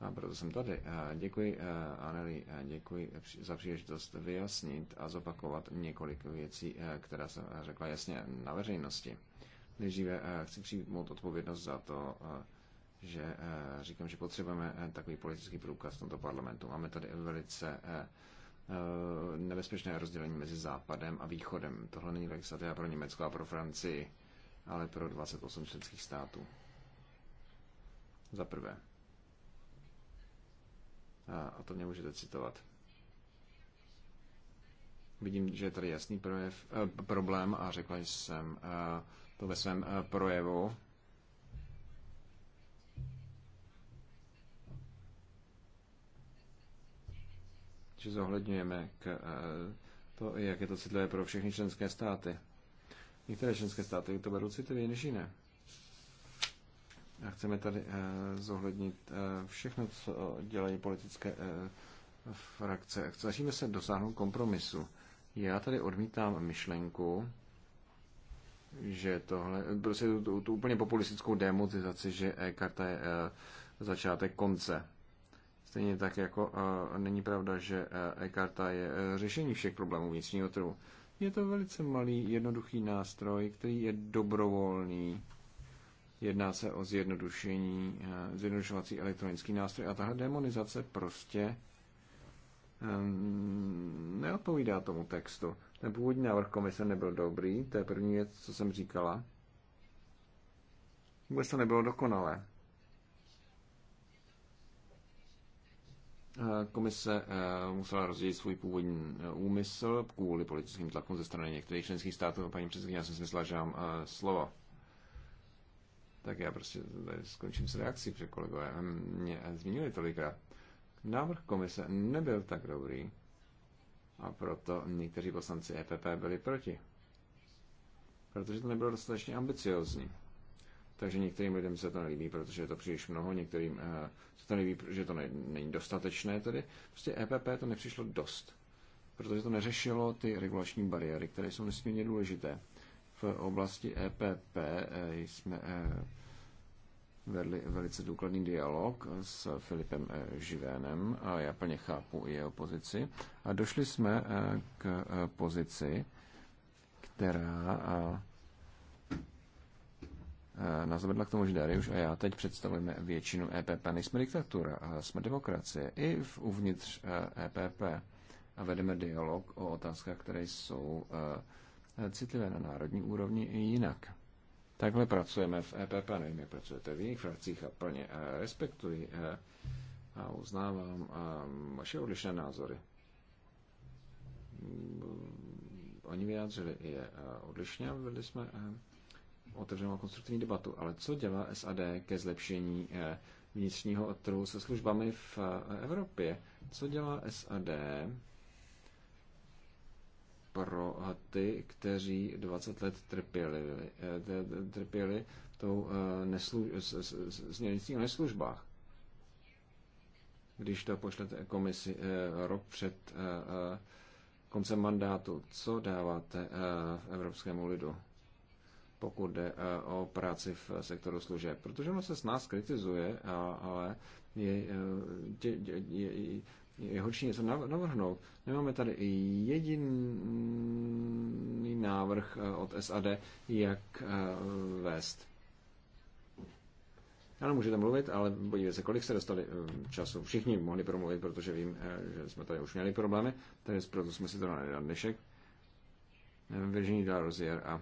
A proto jsem tady. děkuji, Aneli, děkuji za příležitost vyjasnit a zopakovat několik věcí, která jsem řekla jasně na veřejnosti. Nejdříve chci přijmout odpovědnost za to, že eh, říkám, že potřebujeme eh, takový politický průkaz v tomto parlamentu. Máme tady velice eh, nebezpečné rozdělení mezi Západem a Východem. Tohle není legislativa pro Německo a pro Francii, ale pro 28 členských států. Za prvé. A to mě můžete citovat. Vidím, že je tady jasný projev, eh, problém a řekla jsem eh, to ve svém eh, projevu že zohledňujeme k, eh, to, jak je to citlivé pro všechny členské státy. Některé členské státy to berou citlivěji než jiné. A chceme tady eh, zohlednit eh, všechno, co dělají politické frakce. Snažíme se dosáhnout kompromisu. Já tady odmítám myšlenku, že tohle, prostě tu, tu, tu úplně populistickou demotizaci, že e-karta je e, začátek konce. Stejně tak jako není pravda, že e-karta je e, řešení všech problémů vnitřního trhu. Je to velice malý, jednoduchý nástroj, který je dobrovolný. Jedná se o zjednodušení, e, zjednodušovací elektronický nástroj a tahle demonizace prostě e, neodpovídá tomu textu. Ten původní návrh komise nebyl dobrý, to je první věc, co jsem říkala. Vůbec to nebylo dokonalé. Komise eh, musela rozdělit svůj původní eh, úmysl kvůli politickým tlakům ze strany některých členských států. No, paní předsedkyně, já jsem si myslela, že mám eh, slovo. Tak já prostě tady skončím s reakcí, protože kolegové mě zmínili tolikrát. Návrh komise nebyl tak dobrý a proto někteří poslanci EPP byli proti. Protože to nebylo dostatečně ambiciozní. Takže některým lidem se to nelíbí, protože je to příliš mnoho, některým eh, se to nelíbí, že to ne, není dostatečné tedy. Prostě EPP to nepřišlo dost, protože to neřešilo ty regulační bariéry, které jsou nesmírně důležité. V oblasti EPP eh, jsme eh, vedli velice důkladný dialog s Filipem Živénem a já plně chápu i jeho pozici. A došli jsme k pozici, která Eh, nás vedla k tomu, že Darius a já teď představujeme většinu EPP. Nejsme diktatura, eh, jsme demokracie i v uvnitř EPP eh, e a vedeme dialog o otázkách, které jsou citlivé na národní úrovni i jinak. Takhle pracujeme v EPP, nevím, jak pracujete v jiných frakcích a plně respektuji a uznávám vaše odlišné názory. Hm, oni vyjádřili je odlišně a vedli jsme otevřenou konstruktivní debatu. Ale co dělá SAD ke zlepšení eh, vnitřního trhu se službami v eh, Evropě? Co dělá SAD pro ty, kteří 20 let trpěli, eh, trpěli tou neslu, směrnicí o neslužbách? Když to pošlete komisi rok před koncem mandátu, co dáváte evropskému lidu? pokud jde eh, o práci v eh, sektoru služeb. Protože ono se s nás kritizuje, ale je, je, eh, je, je, je horší něco navrhnout. Nemáme tady jediný návrh od SAD, jak vést. Ano, můžete mluvit, ale podívejte se, kolik se dostali času. Všichni mohli promluvit, protože vím, že jsme tady už měli problémy, takže proto jsme si to dali na dnešek. Virginie Dalrozier a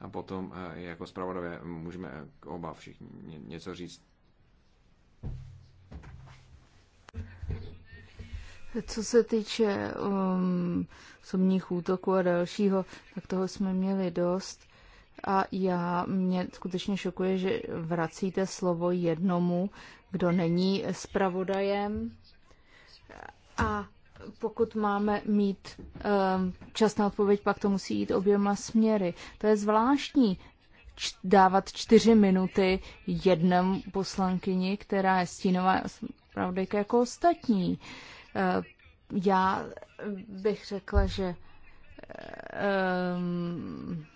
a potom eh, jako zpravodové můžeme eh, oba všichni něco říct. Co se týče um, somních útoků a dalšího, tak toho jsme měli dost. A já mě skutečně šokuje, že vracíte slovo jednomu, kdo není zpravodajem. A pokud máme mít um, ehm, čas na odpověď, pak to musí jít oběma směry. To je zvláštní dávat čtyři minuty jednom poslankyni, která je stínová pravděpodobně jako ostatní. Uh, já bych řekla, že um,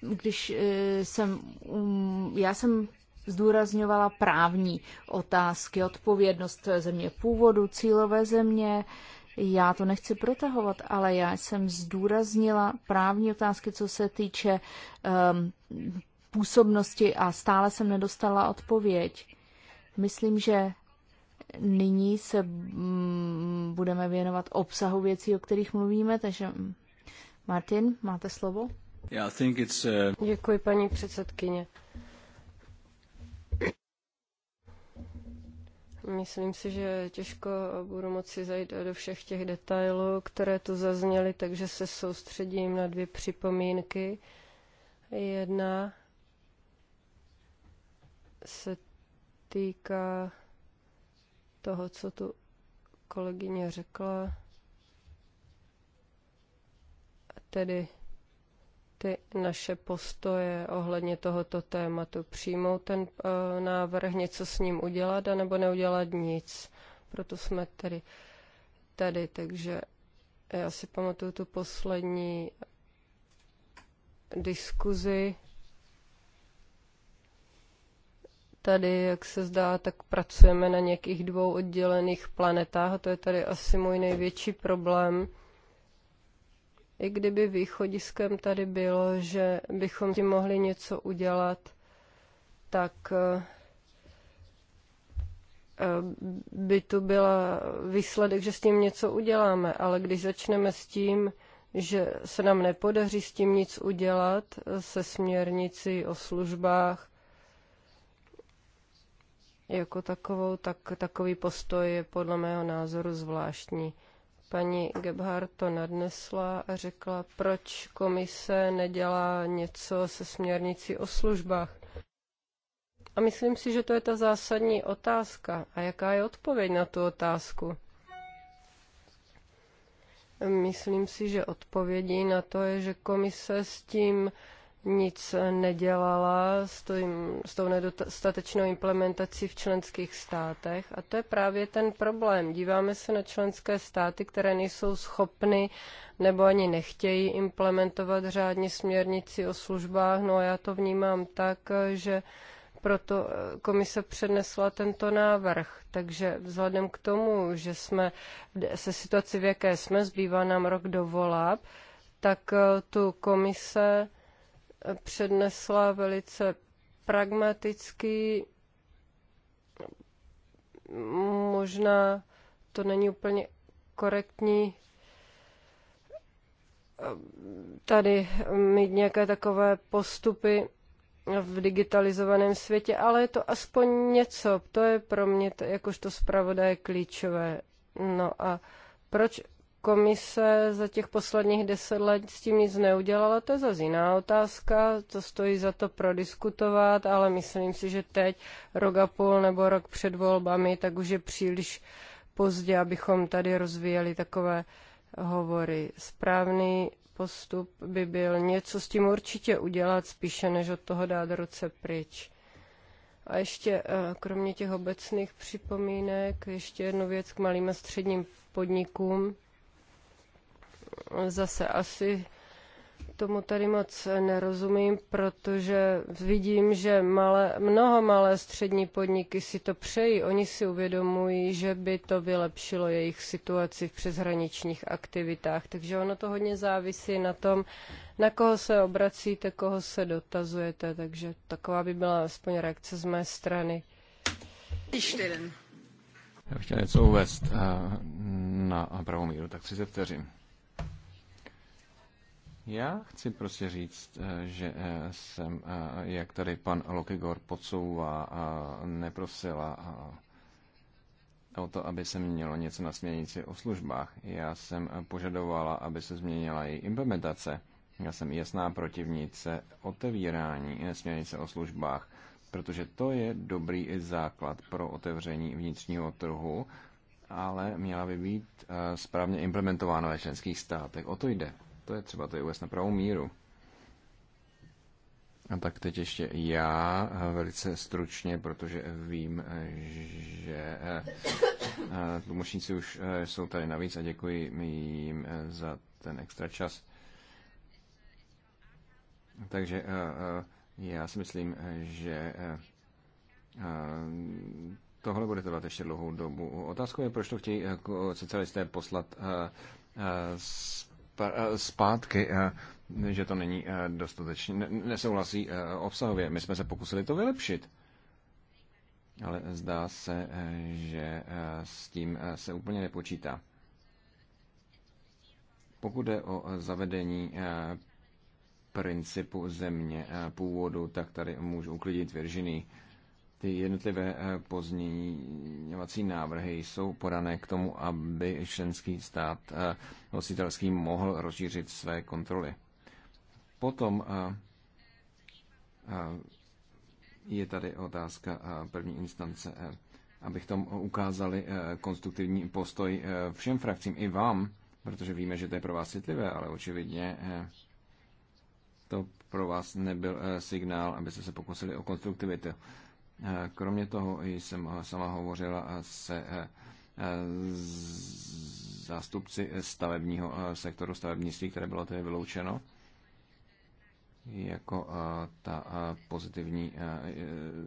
když eh, jsem, um, já jsem zdůrazňovala právní otázky, odpovědnost země původu, cílové země. Já to nechci protahovat, ale já jsem zdůraznila právní otázky, co se týče um, působnosti a stále jsem nedostala odpověď. Myslím, že nyní se um, budeme věnovat obsahu věcí, o kterých mluvíme, takže mm, Martin, máte slovo? Yeah, I think it's, uh... Děkuji, paní předsedkyně. Myslím si, že těžko budu moci zajít do všech těch detailů, které tu zazněly, takže se soustředím na dvě připomínky. Jedna se týká toho, co tu kolegyně řekla, tedy ty naše postoje ohledně tohoto tématu. Přijmout ten uh, návrh, něco s ním udělat, anebo neudělat nic. Proto jsme tady. tady. Takže já si pamatuju tu poslední diskuzi tady, jak se zdá, tak pracujeme na nějakých dvou oddělených planetách a to je tady asi můj největší problém i kdyby východiskem tady bylo, že bychom tím mohli něco udělat, tak eh, eh, by tu byla výsledek, že s tím něco uděláme. Ale když začneme s tím, že se nám nepodaří s tím nic udělat, eh, se směrnicí o službách jako takovou, tak takový postoj je podle mého názoru zvláštní. Paní Gebhardt to nadnesla a řekla, proč komise nedělá něco se směrnicí o službách. A myslím si, že to je ta zásadní otázka. A jaká je odpověď na tu otázku? Myslím si, že odpovědí na to je, že komise s tím nic nedělala s, tím, s tou nedostatečnou implementací v členských státech. A to je právě ten problém. Díváme se na členské státy, které nejsou schopny nebo ani nechtějí implementovat řádně směrnici o službách. No a já to vnímám tak, že proto komise přednesla tento návrh. Takže vzhledem k tomu, že jsme se situaci, v jaké jsme, zbývá nám rok do volab, tak tu komise přednesla velice pragmaticky. možná to není úplně korektní eh, tady mít nějaké takové postupy v digitalizovaném světě, ale je to aspoň něco. To je pro mě, jakožto zpravodaje, klíčové. No a proč komise za těch posledních deset let s tím nic neudělala, to je zase jiná otázka, to stojí za to prodiskutovat, ale myslím si, že teď, rok a půl nebo rok před volbami, tak už je příliš pozdě, abychom tady rozvíjeli takové hovory. Správný postup by byl něco s tím určitě udělat, spíše než od toho dát ruce pryč. A ještě eh, kromě těch obecných připomínek, ještě jednu věc k malým a středním podnikům zase asi tomu tady moc nerozumím, protože vidím, že malé, mnoho malé střední podniky si to přejí. Oni si uvědomují, že by to vylepšilo jejich situaci v přeshraničních aktivitách. Takže ono to hodně závisí na tom, na koho se obracíte, koho se dotazujete. Takže taková by byla aspoň reakce z mé strany. Já bych chtěl něco uvést eh, na pravou míru, tak 30 vteřin. Já chci prostě říct, eh, že eh, jsem, eh, jak tady pan Lokigor podsouvá, neprosila o to, aby se mělo něco na směnici o službách. Já jsem požadovala, aby se změnila její implementace. Já jsem jasná protivnice otevírání směrnice o službách, protože to je dobrý základ pro otevření vnitřního trhu, ale měla by být správně implementována ve členských státech. O to jde to je třeba to je uvést na pravou míru. A tak teď ještě já eh, velice stručně, protože vím, že eh, eh, tlumočníci už jsou tady navíc a děkuji jim za ten extra čas. Takže já si myslím, že tohle bude trvat ještě dlouhou dobu. Otázkou je, proč to chtějí socialisté poslat z Eh, zpátky, eh, že to není eh, dostatečně, nesouhlasí obsahově. My jsme se pokusili to vylepšit. Ale zdá se, že s tím se úplně nepočítá. Pokud jde o zavedení principu země původu, tak tady můžu uklidit Virginii ty jednotlivé eh, pozměňovací návrhy jsou podané k tomu, aby členský stát eh, hostitelský mohl rozšířit své kontroly. Potom eh, je tady otázka první instance, tomu ukázali konstruktivní postoj všem frakcím i vám, protože víme, že to je pro vás citlivé, ale očividně to pro vás nebyl signál, abyste se pokusili o konstruktivitu. Eh, kromě toho jsem eh, sama hovořila eh, se zástupci stavebního sektoru stavebnictví, které bylo tedy vyloučeno jako ta pozitivní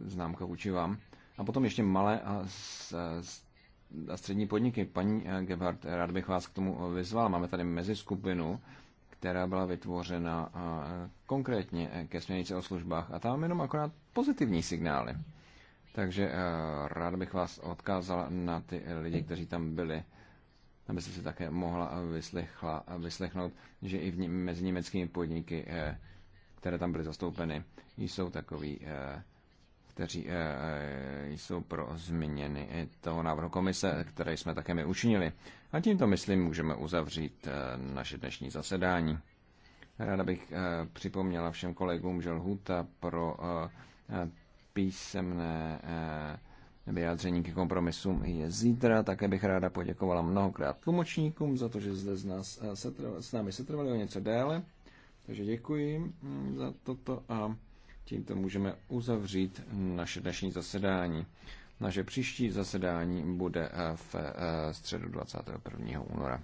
známka vůči vám. A potom ještě malé a, střední podniky. Paní Gebhardt, rád bych vás k tomu vyzval. Máme tady meziskupinu, která byla vytvořena konkrétně ke směrnici o službách a tam jenom akorát pozitivní signály. Takže eh, rád bych vás odkázal na ty lidi, kteří tam byli, aby se si také mohla eh, vyslechla, eh, vyslechnout, že i v, mezi německými podniky, které tam byly zastoupeny, jsou takový kteří jsou pro změny toho návrhu komise, které jsme také my učinili. A tímto, myslím, můžeme uzavřít naše dnešní zasedání. Ráda bych připomněla všem kolegům, že lhůta pro písemné eh, vyjádření ke kompromisům je zítra. Také bych ráda poděkovala mnohokrát tlumočníkům za to, že zde z nás, eh, se, s námi setrvali o něco déle. Takže děkuji mm, za toto a tímto můžeme uzavřít naše dnešní zasedání. Naše příští zasedání bude eh, v středu 21. února.